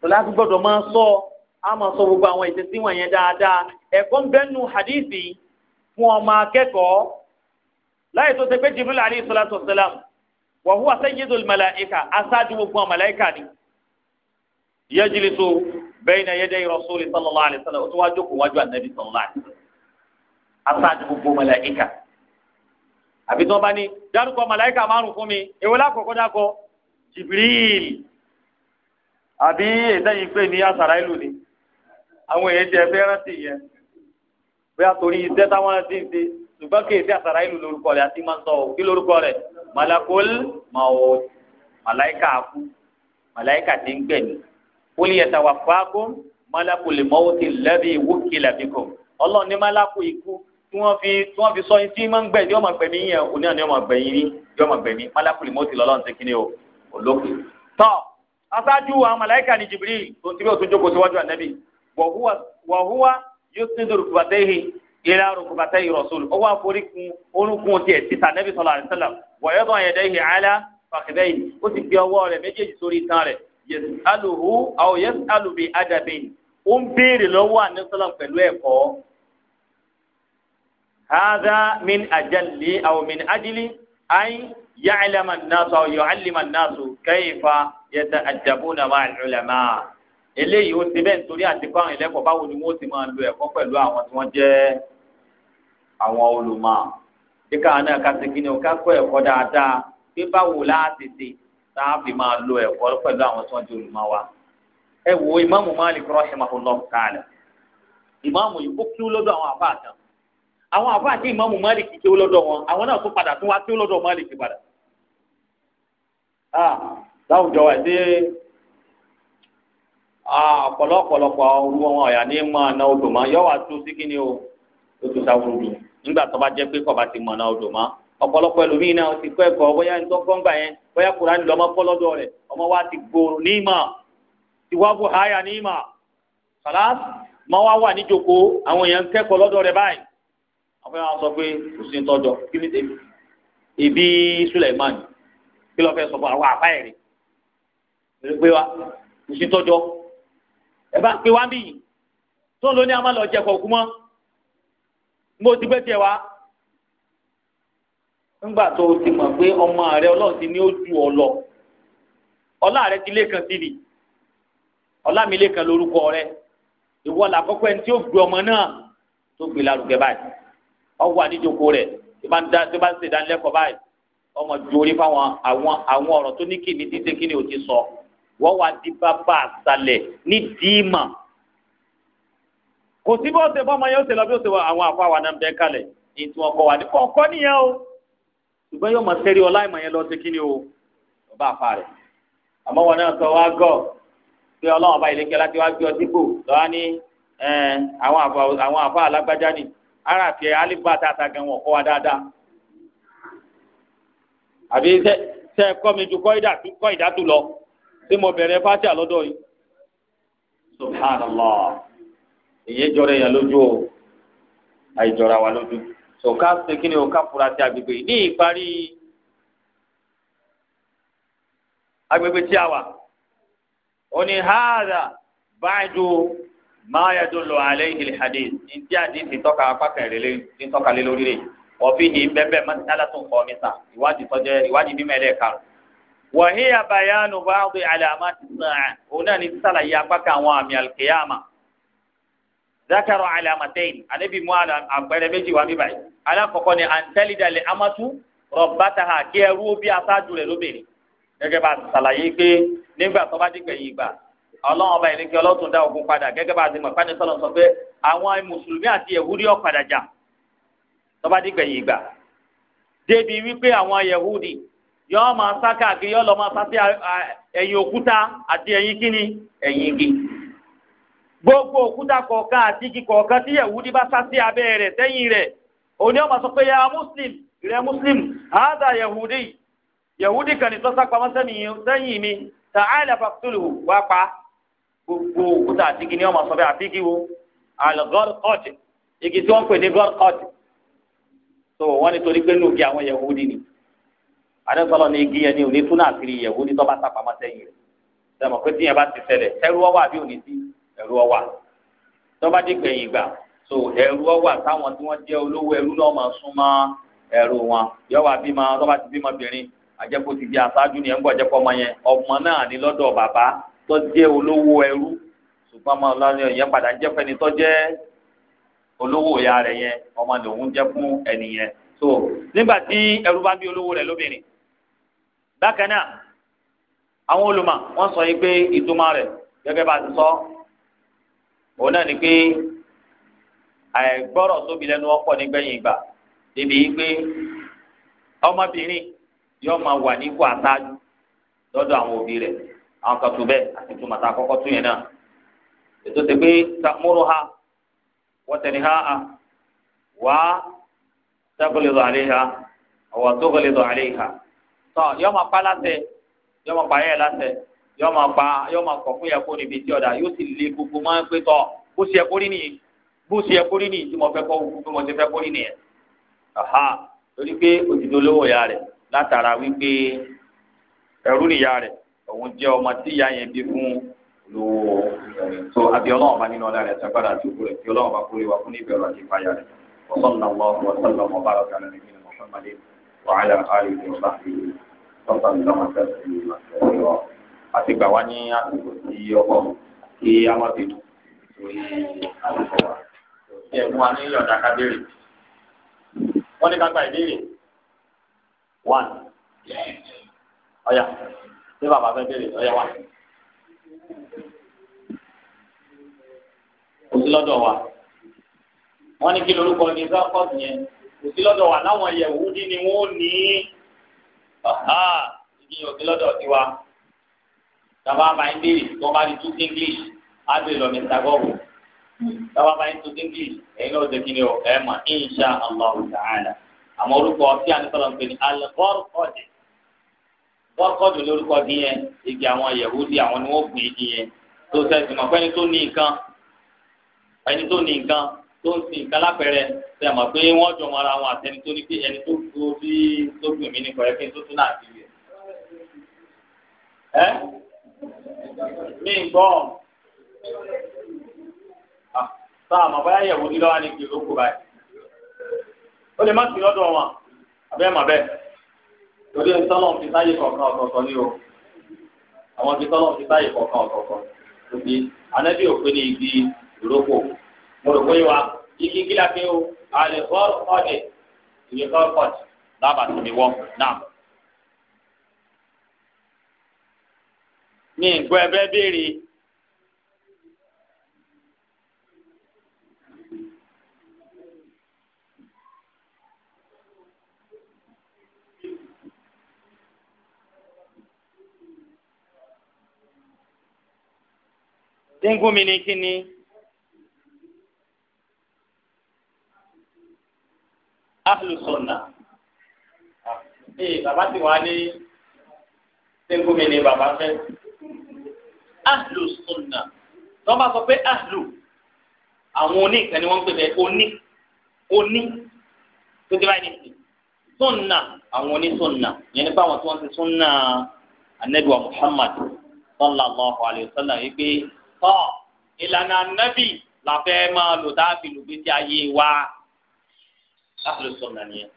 tọ́lá ti gbọ́dọ̀ máa sọ á máa sọ gbogbo àwọn ìṣesí wọ̀nyẹn dáadáa ẹ̀kọ́ ń bẹ́nu hadithi fún ọmọ akẹ́kọ̀ọ́ láyé tó ṣe pé Jibril ali salatu wasalam wa huwa sayyidul malaika aṣáájú gbogbo àwọn màláíkà ni yajlisu bẹ́ẹ̀ náà yẹ́dẹ́ Rasuli sallallahu alaihi wasallam ó tún wá jókòó wájú ànábì sallallahu alaihi wasallam asáájú gbogbo màláíkà àbí tí wọ́n bá ní dárúkọ màláíkà márùn fún mi èwo lákòókò dákọ Jibril àbí ìtẹ́yìn pé ní ni àwọn èèyàn jẹ fẹ́ rántí yẹn bóyá torí iṣẹ́ táwọn ti ń ṣe ṣùgbọ́n kì í ṣe ìlú lórúkọ àti máa ń sọ ọ kí lórúkọ àkú wòlíì ẹ̀ta wà fáákùn málákù lè mọ́ òtí lẹ́bí wúkì làbíkùn ọlọ́run ní málákù ikú tí wọ́n fi tí wọ́n fi sọ yín tí máa ń gbẹ̀ yọ́ máa gbẹ̀mí yẹn òní àná yọ́ máa gbẹ̀mí yín yọ́ máa gbẹ̀mí lè mọ́ òtí lọ́lọ́run ti kíni o olókè. tọ́ aṣáájú àwọn màláìkà ní Jibril tó ti bí o tún jókòó síwájú ànábì wọ̀húwá yóò ti gbé ọwọ́ rẹ̀ yẹsàlùhù àwọn yẹsàlùbí adàbí ó ń béèrè lọ́wọ́ ànísọ́lá pẹ̀lú ẹ̀kọ́ hàdá min àjálì àwọn min ájílì àyìn yàcìlámà nàásù àwọn yàcìlámà nàásù kẹ́yìfà yẹtà àjàbùnà máa ìlúlẹ̀mà eléyìí ó ti bẹ́ẹ̀ nítorí àti fáwọn ẹlẹ́kọ̀ọ́ báwo ni wọ́n ti máa lo ẹ̀kọ́ pẹ̀lú àwọn tí wọ́n jẹ́ àwọn olùmọ̀ bí káwọn náà ká ti kí ká kọ́ ẹ̀kọ́ dáadáa pé báwo láà tètè tá a fi máa lo ẹ̀kọ́ pẹ̀lú àwọn tí wọ́n jẹ́ olùmọ̀ wa ẹ wo ìmáàmù Malik rahimahullah ta'ala ìmáàmù yìí ó kíw lọ́dọ̀ àwọn àbá àtàn àwọn àbá àti ìmáàmù Malik kíw lọ́dọ̀ wọn àwọn náà tún padà tún wá kíw lọ́dọ̀ Malik padà ah, láwùjọ wa ṣe ah, ọ̀pọ̀lọpọ̀lọpọ̀ ọ̀rú wọn ọ̀yà ní máa ná odò mọ́ yọ wá tó sí kí ni o tó tó sáwúrú ọ̀pọ̀lọpọ̀ ẹlòmíín náà ti kọ́ ẹ̀kọ́ bóyá ní tọ́kọ́ ńgbà yẹn bóyá kùránì lọ́mọ kọ́ lọ́dọ̀ rẹ̀ ọmọ wa ti gbòòrò ní ìmọ̀ ti wá bù háyà ní ìmọ̀ kàlá mọ wá wà níjòkó àwọn èèyàn kẹ́kọ̀ọ́ lọ́dọ̀ rẹ̀ báyìí àwọn èèyàn sọ pé kò sí tọ́jọ kí ni tèmi ìbí Suleiman kí lọ́ọ́ fẹ́ sọ fún àwọn àbá ẹ̀rí èrè pé wa kò sí tọ́jọ ẹ bá pé wá ń bì yìí tó ń lóní àmàlọ́ jẹ mo ti gbé ńgbà tó o ti mọ̀ pé ọmọ rẹ ọlọ́run ti ní ó ju ọ lọ ọlá rẹ ti lẹ́kan sí ni ọlá mi lẹ́kan lórúkọ rẹ ìwọ làkọ́kọ́ ẹni tí ó gbé ọmọ náà tó gbé lárugẹ báyìí ọwọ́ àdíjoko rẹ̀ tí bá ń da tí bá ń ṣèdánilẹ́kọ̀ọ́ báyìí ọmọ ju orí fáwọn àwọn àwọn ọ̀rọ̀ tó ní kìíní títí kìíní ò ti sọ wọ́n wá di bàbá àṣàlẹ̀ ní dìímà kò sí bí ó ṣe fọmọ yẹn ó ṣe lọ bí ó ṣe wọ àwọn àfọwọ́ àná bẹ́ẹ̀ kalẹ̀ ní tí wọ́n kọ́ wa ní kọ̀ọ̀kọ́ nìyẹn o ṣùgbọ́n yóò mọ̀ sẹ́rí ọlá ìmọ̀ yẹn lọ sí kí ni o ọba àfa rẹ̀ àmọ́ wọn náà sọ wá gọ̀ pé ọlọ́run ọba ìlẹ́kẹ́ láti wá gbé ọ sípò lọ́wọ́ ní àwọn àfa alágbájá ni ara àti alíbá tata gan wọn kọ́ wa dáadáa àbí sẹ́ kọ́ mi ju kọ́ ìdátù lọ tí mo bẹ̀rẹ̀ fátíà lọ́dọ̀ yìí subhanallah ìyẹn jọra yẹn lójú o àìjọra wa lójú òkà sekínì òkà furasí agbègbè ní ìparí agbègbè tí a wà ó ní hàdà báyìí máa yà tó lọ alẹ́ ìhìlẹ̀ hadith ní tí àdìsí tọ́ka apákẹ́rẹ́ ní tọ́ka lé lórí rẹ̀ ọ̀fi yìí bẹ́ẹ̀ mọ́tàlá tó ń kọ́ mi sà ìwádìí tọ́jẹ́ ìwádìí bímọ ẹlẹ́ẹ̀karùn. wàhí àbáyánu báwọ̀ àlàmà ti sàn òun náà ní sàlàyé apákà àwọn àmì àlùkìyàmà. zákàrọ̀ àlàmà tẹ́yìn àdébìmọ́ àpẹẹrẹ méjì wà mí alákọ̀ọ́kọ́ ni àǹtẹ́lídàlẹ̀ amátú rọ̀bátàhà kí ẹrú bí aṣáájú rẹ̀ lóbìnrin gẹ́gẹ́ bá ṣàlàyé pé nígbà tó bá dìgbẹ̀ yìí gbà ọlọ́run ọba ìrìnkẹ́ ọlọ́tún dá ogun padà gẹ́gẹ́ bá ti mọ̀ pẹ́ni sọ́lọ́ sọ pé àwọn mùsùlùmí àti yẹ̀húdí ọ̀padà jà tó bá dìgbẹ̀ yìí gbà débi wípé àwọn yẹ̀húdí yọ́ọ́ máa sá káàkiri yọ́ọ́ lọ máa sá sí ẹ̀yìn òkúta àti ẹ̀yìn kíni ẹ̀yìn igi gbogbo òkúta kọ̀ọ̀kan àti igi kọ̀ọ̀kan tí yẹ̀húdí bá sá sí abẹ́ rẹ̀ sẹ́yìn rẹ̀ òní ọmọ sọ pé ya muslim rẹ muslim àádà yahudi yahudi kan ní tọ́sà pamọ́ sẹ́yìn mi ta'ala faqtuluhu wá pa gbogbo òkúta àti igi ní ọmọ sọ pé àbígi wo al-gharqad igi tí wọ́n pè ní gharqad so wọ́n ní torí pé nùgì àwọn yahudi ni adéṣọlọ ní igi yẹn ní òní tún náà kiri yahudi tó bá sá pamọ́ sẹ́yìn rẹ̀ sẹ́mi pé tíyẹn bá ti ṣẹlẹ̀ ẹrú ọwọ́ àbí òní sí ẹrú ọwọ́ so ẹrú ọwà táwọn tí wọ́n jẹ́ olówó ẹrú náà máa sún mọ́ ẹrú wọn yọwà bímọ tọ́ba ti bímọ bìnrin àjẹkù ti di aṣáájú ni ẹ̀ ń gbọ́ àjẹkù ọmọ yẹn ọmọ náà ní lọ́dọ̀ bàbá tó jẹ́ olówó ẹrú ṣùgbọ́n ọmọ ọlọ́run yẹn padà ń jẹ́ fẹ́ni tó jẹ́ olówó ìyá rẹ̀ yẹn ọmọ lòun jẹ́ fún ẹnìyẹn so nígbà tí ẹrú bá bí olówó rẹ̀ lóbìnrin bákan náà àwọn olùmọ̀ wọ́n sọ yìí pé ìtumọ̀ rẹ̀ gẹ́gẹ́ bá ti sọ òun náà ni pé àìgbọ́rọ̀ tóbi lẹ́nu ọ̀pọ̀ nígbẹ̀yìn ìgbà débi pé ọmọbìnrin yóò máa wà nípò àtàjù lọ́dọ̀ àwọn òbí rẹ̀ àwọn kan tó bẹ́ẹ̀ àti tó màtá àkọ́kọ́ tó yẹn náà ètò ti pé sàmúrò ha wọ́tẹ̀ni ha ha wá sẹ́kùlẹ̀ lọ ha ọ̀wọ́ lọ ha tọ́ yóò máa pa láṣẹ yóò máa pa láṣẹ yóò máa pa yóò máa kọ̀ fún yẹ kó níbi tí ọ̀dà le gbogbo máa ń pé tọ́ ṣe bó ṣe yẹ kó rí nìyí tí mo fẹ́ kọ́ wù bí mo ṣe fẹ́ kó rí nìyẹn torí pé òtítọ́ olówó ìyá rẹ̀ látara wípé ẹrú nìyá rẹ̀ òun jẹ́ ọmọ tí ìyá yẹn bí fún lówó tó àbí ọlọ́run bá nínú ọ̀la rẹ̀ sàgbàdà àti òkú rẹ̀ tí ọlọ́run bá kórè wa fún ní ìbẹ̀rù àti ìfàyà rẹ̀ ọ̀sán àti gbà wá ní àsìkò tí ọkọ̀ kí á má bẹ̀rù lórí àlùfọ̀ wa ti ẹ̀mú wa ní ìyọ̀dà kábírì. wọ́n ní kápá ìbéèrè one ọ̀yà tí bàbá fẹ́ béèrè ọ̀yà wa. kò sí lọ́dọ̀ wa wọ́n ní kí lorúkọ ní zákọ́t yẹn kò sí lọ́dọ̀ wa láwọn Yẹ̀húdí ni wọ́n ní ìdí òsì lọ́dọ̀ tiwa tàbá máa ń béèrè tó bá di two english á béèrè lọ mr gọ́ọ̀bù. táwa bá yín tuntun english ẹ̀yin náà dẹ́kin ni ọ ẹ̀ mà insha allah ta'ala àmọ́ orúkọ tí a ń pè ní lórúkọ bí yẹn igi àwọn yahudi àwọn ni wọ́n gbìn igi yẹn tó sẹ́sì mọ̀ pé tó ní nǹkan ẹni tó ní nǹkan tó ń sin nǹkan lápẹ̀rẹ̀ ṣe mọ̀ pé wọ́n jọ mọ wọn àtẹni tó ní pé ẹni tó tó bí tó gbìn mí ẹ̀fín tó tún Ah, saa a mọ̀ báyà yẹ̀wò ní lọ́wọ́ ní kí ló kú báyìí. ó lè má sí lọ́dọ̀ wọn àbẹ́ mọ̀ bẹ́ẹ̀ torí ẹni sáyé kọ̀ọ̀kan ọ̀tọ̀ọ̀tọ̀ o àwọn ti tọ́lọ́ fi sáyé kọ̀ọ̀kan ọ̀tọ̀ọ̀tọ̀ lóbi anábì mo rò pé wa igi gíga o àlè lábàá mi wọ́ náà. mi ń gbọ́ tí ń gún mi ní kíni. ahlu sunna ee bàbá ti wà ní tí ń gún mi ní bàbá fẹ́ ahlu sunna tí wọ́n bá sọ pé ahlu àwọn oníkan ni wọ́n ń pè bẹ́ẹ̀ oní oní tó ti báyìí nìyí sunna àwọn oní sunna yẹn nípa àwọn tí wọ́n ti sunna anabiwa muhammad sallallahu alayhi wa sallam yìí pé tọ́ ìlànà nábì la fẹ́ máa lò tá a fi lò gbé sí wa láti lè sọ̀rọ̀ nàní ẹ̀.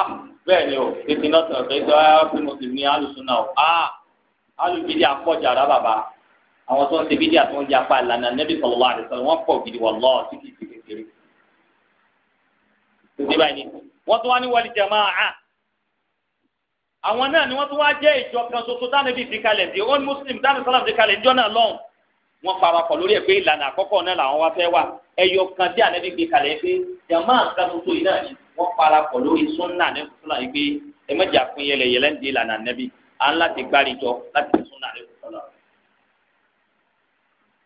ah bẹ́ẹ̀ ni o ètò iná sọ̀rọ̀ pé sọ ẹ́ fún mùsùlùmí ní alùsùn náà ah alùbídì àpọ̀jà rárá bàbá àwọn tó ń ṣe bídì àti oúnjẹ apá ìlànà nẹ́bí sọ̀rọ̀ wà lẹ́sọ̀rọ̀ wọ́n pọ̀ gidi wọ̀ lọ́ọ̀ sí kìí ṣe kékeré. wọ́n tún wá ní wọlé jẹ̀ máa àwọn náà ni wọ́n tún wá jẹ́ ìjọ kan ṣoṣo tánàbí fi kalẹ̀ sí old muslim tánàbí sálàm fi kalẹ̀ jọ́nà lọ́hùn wọ́n parapọ̀ lórí ẹ̀ pé ìlànà àkọ́kọ́ náà làwọn wá fẹ́ wà ẹyọ kan tí ànábì fi kalẹ̀ pé jàmá nǹkan ṣoṣo yìí náà ni wọ́n parapọ̀ lórí sunna ànábì sọ́lá yìí pé ẹ mẹ́jà fún yẹlẹyẹlẹ ń di ìlànà ànábì à ń láti gbárí jọ láti fi sunna ànábì sọ́lá.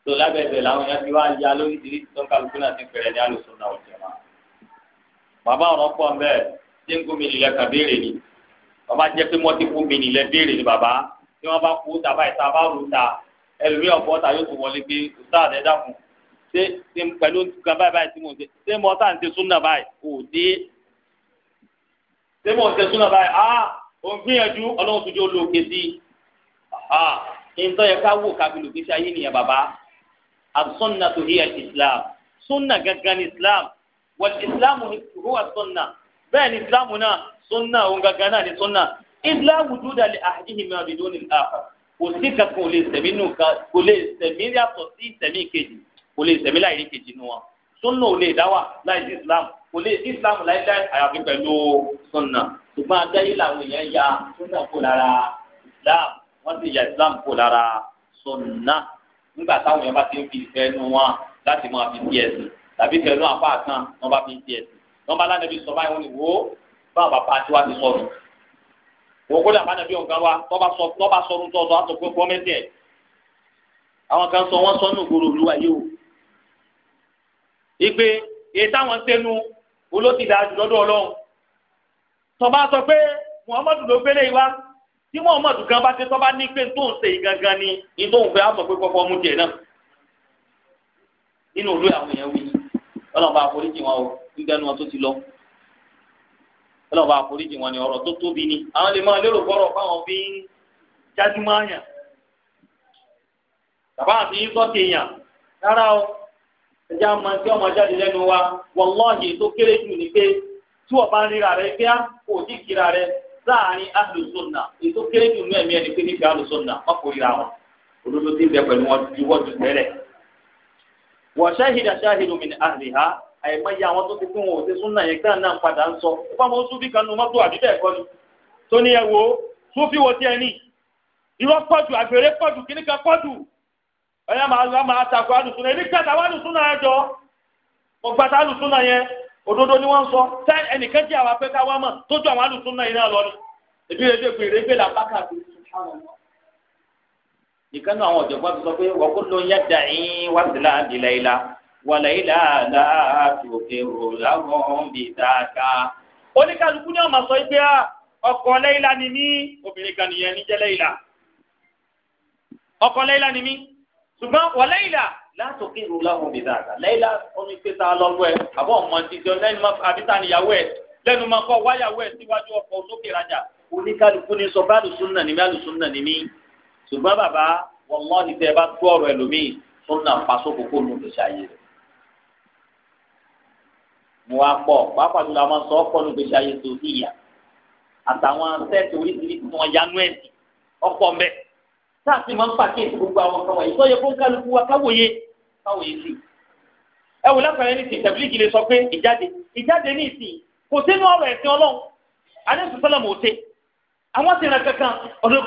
tó lábẹ́bẹ̀ làwọn yẹn ti wá ya lórí ìdílé tó ń kálukú náà ti pẹ̀rẹ̀ ní ọba jẹ́ pé mọ́tì fún mi nílẹ̀ béèrè ni bàbá tí wọ́n bá kú ta báyìí ta bá rú ta ẹlòmíì ọ̀pọ̀ ta yóò tún wọlé pé ustaz ẹ dákun ṣé ṣe pẹ̀lú nǹkan báyìí báyìí tí mò ń ṣe ṣé mo ta ń ṣe súnà báyìí kò dé ṣé mo ń ṣe súnà báyìí ah òun gbìyànjú ọlọ́run tún jẹ́ olóòkè sí ah ìtọ́ yẹ ká wò kábílù kí ṣe ayé nìyẹn bàbá as-sunnatu hiya al-islam súnà gangan islam wal islam huwa sunnah bẹ́ẹ̀ ni islamu náà sunna òun gangan náà ni sunna ilá wùdúdà lè àdìhìn mi àbìdó ní àfà kò sí kankan kò lè sẹ̀mí nù kan kò lè sẹ̀mí yàtọ̀ sí sẹ̀mí kejì kò lè sẹ̀mí láì rí kejì nù wọn sunna ò lè dá wà láì sí islam kò lè sí islam láíláí àyàfi pẹ̀lú sunna ṣùgbọ́n adáyé làwọn èèyàn ya sunna kò lára islam wọ́n sì ya islam kò lára sunna nígbà táwọn èèyàn bá ti ń fi ìfẹ́ nu wọn láti máa fi ti ẹ̀sìn tàbí fẹ́nu àpá kan wọ́n bá fi ti ẹ̀sìn nọmba alánàbí sọ báyìí wọn ni wò báwọn bàbá tiwa ti sọ̀rọ̀ wọ́n kó dàbá nàbí ọ̀gá wa tọ́ba sọ̀rọ̀ tó sọ àtọ̀ gọ́mẹ́ntì ẹ̀ àwọn kan sọ wọ́n sọ nù gbòòrò olúwa yìí o ìpè èyí táwọn sẹ́nu olótìdá lọ́dọ̀ ọlọ́run tọ́ba sọ pé muhammadu ló gbélé yìí tí muhammadu gan bá ti tọ́ba ní pé tó ń ṣe yìí gangan ni ní tó ń fẹ́ àmọ̀ kọ́kọ́ mú jẹ náà nínú olú àwọn èèyàn wí ọlọ́run bá foríjì wọn o. gbígbẹ́ nu wọn tó ti lọ ọlọ́ba àforíjì wọn ni tó tóbi ni àwọn lè máa lérò fáwọn ń jájú máa yàn bàbá àti yín sọ́ọ̀tì èèyàn rárá o tí ọmọ jáde lẹ́nu wa tó kéré jù ní pé tí ọba ń ríra rẹ kò tí kíra rẹ láàrin alùsùnà ètò kéré jù ní ẹ̀mí ẹni pé nífẹ̀ẹ́ alùsùnà má kò ríra wọn olódó tí ń bẹ pẹ̀lú wọn ju wọ́n ju tẹ́lẹ̀ wọ́n ṣáhìdà àìmọye àwọn tó ti kún wọn ò ti súnà yẹn gbà náà padà ń sọ fún àwọn súnfì kan nu mọ́tò àbí bẹ́ẹ̀ kọ́ ni tó ní ẹ wo súnfì wo tiẹ̀ ní irọ́ pọ̀jù àgbèrè pọ̀jù kíníkan pọ̀jù ẹ̀yà máa lọ máa takò alùsùn náà èmi kẹta wà lùsùn náà jọ mo gba ta alùsùn náà yẹn òdodo ni wọ́n sọ tẹ ẹnìkan jẹ àwọn apẹka wa mọ tójú àwọn alùsùn náà yìí náà lọ ni èmi rẹ dẹgbẹ rẹ gbé làpá káàkiri nìkan náà àwọn ọ̀jọ̀gbọ́n ti sọ pé wọ́n kó ló ń yá wá sí láàdì láìla wàlẹ́yìnlá àdáàtòkè òlàwọ̀n bí dáadáa. oníkàlùkù ni ọmọ sọ pé ah, ọkọ lẹ́yìnlá ni mí obìnrin kan nìyẹn níjẹ́ lẹ́yìnlá ọkọ lẹ́yìnlá ni mí ṣùgbọ́n wàlẹ́yìnlá látòkè òlàwọ̀n bí dáadáa lẹ́yìnlá omi pé ta lọ́wọ́ ẹ àbọ̀ ọmọ títí lẹ́nu àbí ta níyàwó ẹ lẹ́nu máa kọ́ wáyàwó ẹ síwájú ọkọ̀ olókè rajà oníkàlùkù ni sọ bá lùsùn nà ní mí mo wá pọ̀ pàápàá jùlọ àwọn sọ ọ̀pọ̀ nígbè ṣe ayé sòfì ìyà àtàwọn sẹ́ẹ̀tì oríṣiríṣi tí wọ́n ẹ̀sìn ọ̀pọ̀ mbẹ́ sáàsì máa ń pàkíyèsí gbogbo àwọn kan wọ̀nyí sọ yẹ kálukú wa káwòye káwòye sí i ẹ wò sọ pé ìjáde ìjáde ní ìsìn kò ọ̀rọ̀ ẹ̀sìn ọlọ́run àwọn ti kankan ọjọ́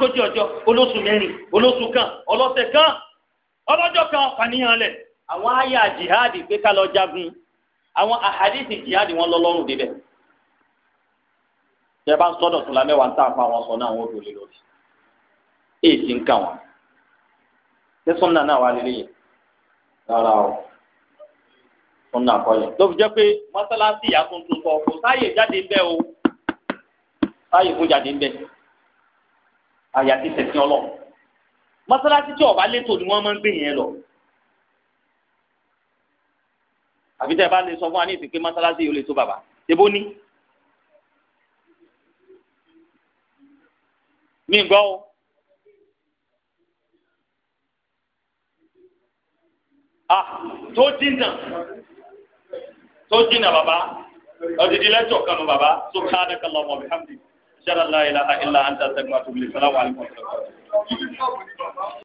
olóṣù mẹ́rin olóṣù kan ọlọ́sẹ̀ kan ọlọ́jọ́ kan fàníyàn lẹ̀ àwọn jihad ká àwọn àhàdìsì jihadi wọn lọ́lọ́rùn débẹ̀ tẹ́ bá tó la mẹ́wàá ń fún àwọn sọ náà wọn ò dòlè lórí èyí ti ń kà wọn ṣé sọ́nà náà wà lélẹ́yìn rárá o sọ́nà àkọlẹ̀ ló fi jẹ́ pé mọ́sálásí ìyá tuntun sọ kò sáàyè jáde ń bẹ́ o sáàyè fún jáde ń bẹ́ àyà ti tẹ̀sí ọlọ́ mọ́sálásí tí ọ̀bá létò ni wọ́n máa ń gbé yẹn lọ. àfi tẹ́ ẹ bá lè sọ fún wa ní ìsìnkú mọ́sálásí yìí ó lè tó bàbá ṣebó ní. mi gbọ́ o. a ah, tó dínà tó dínà bàbá ọ̀dìdí lẹ́tọ̀ kanu bàbá tó ká ní kálọ̀ ọmọ hàmdi. Inshallah la wa atubu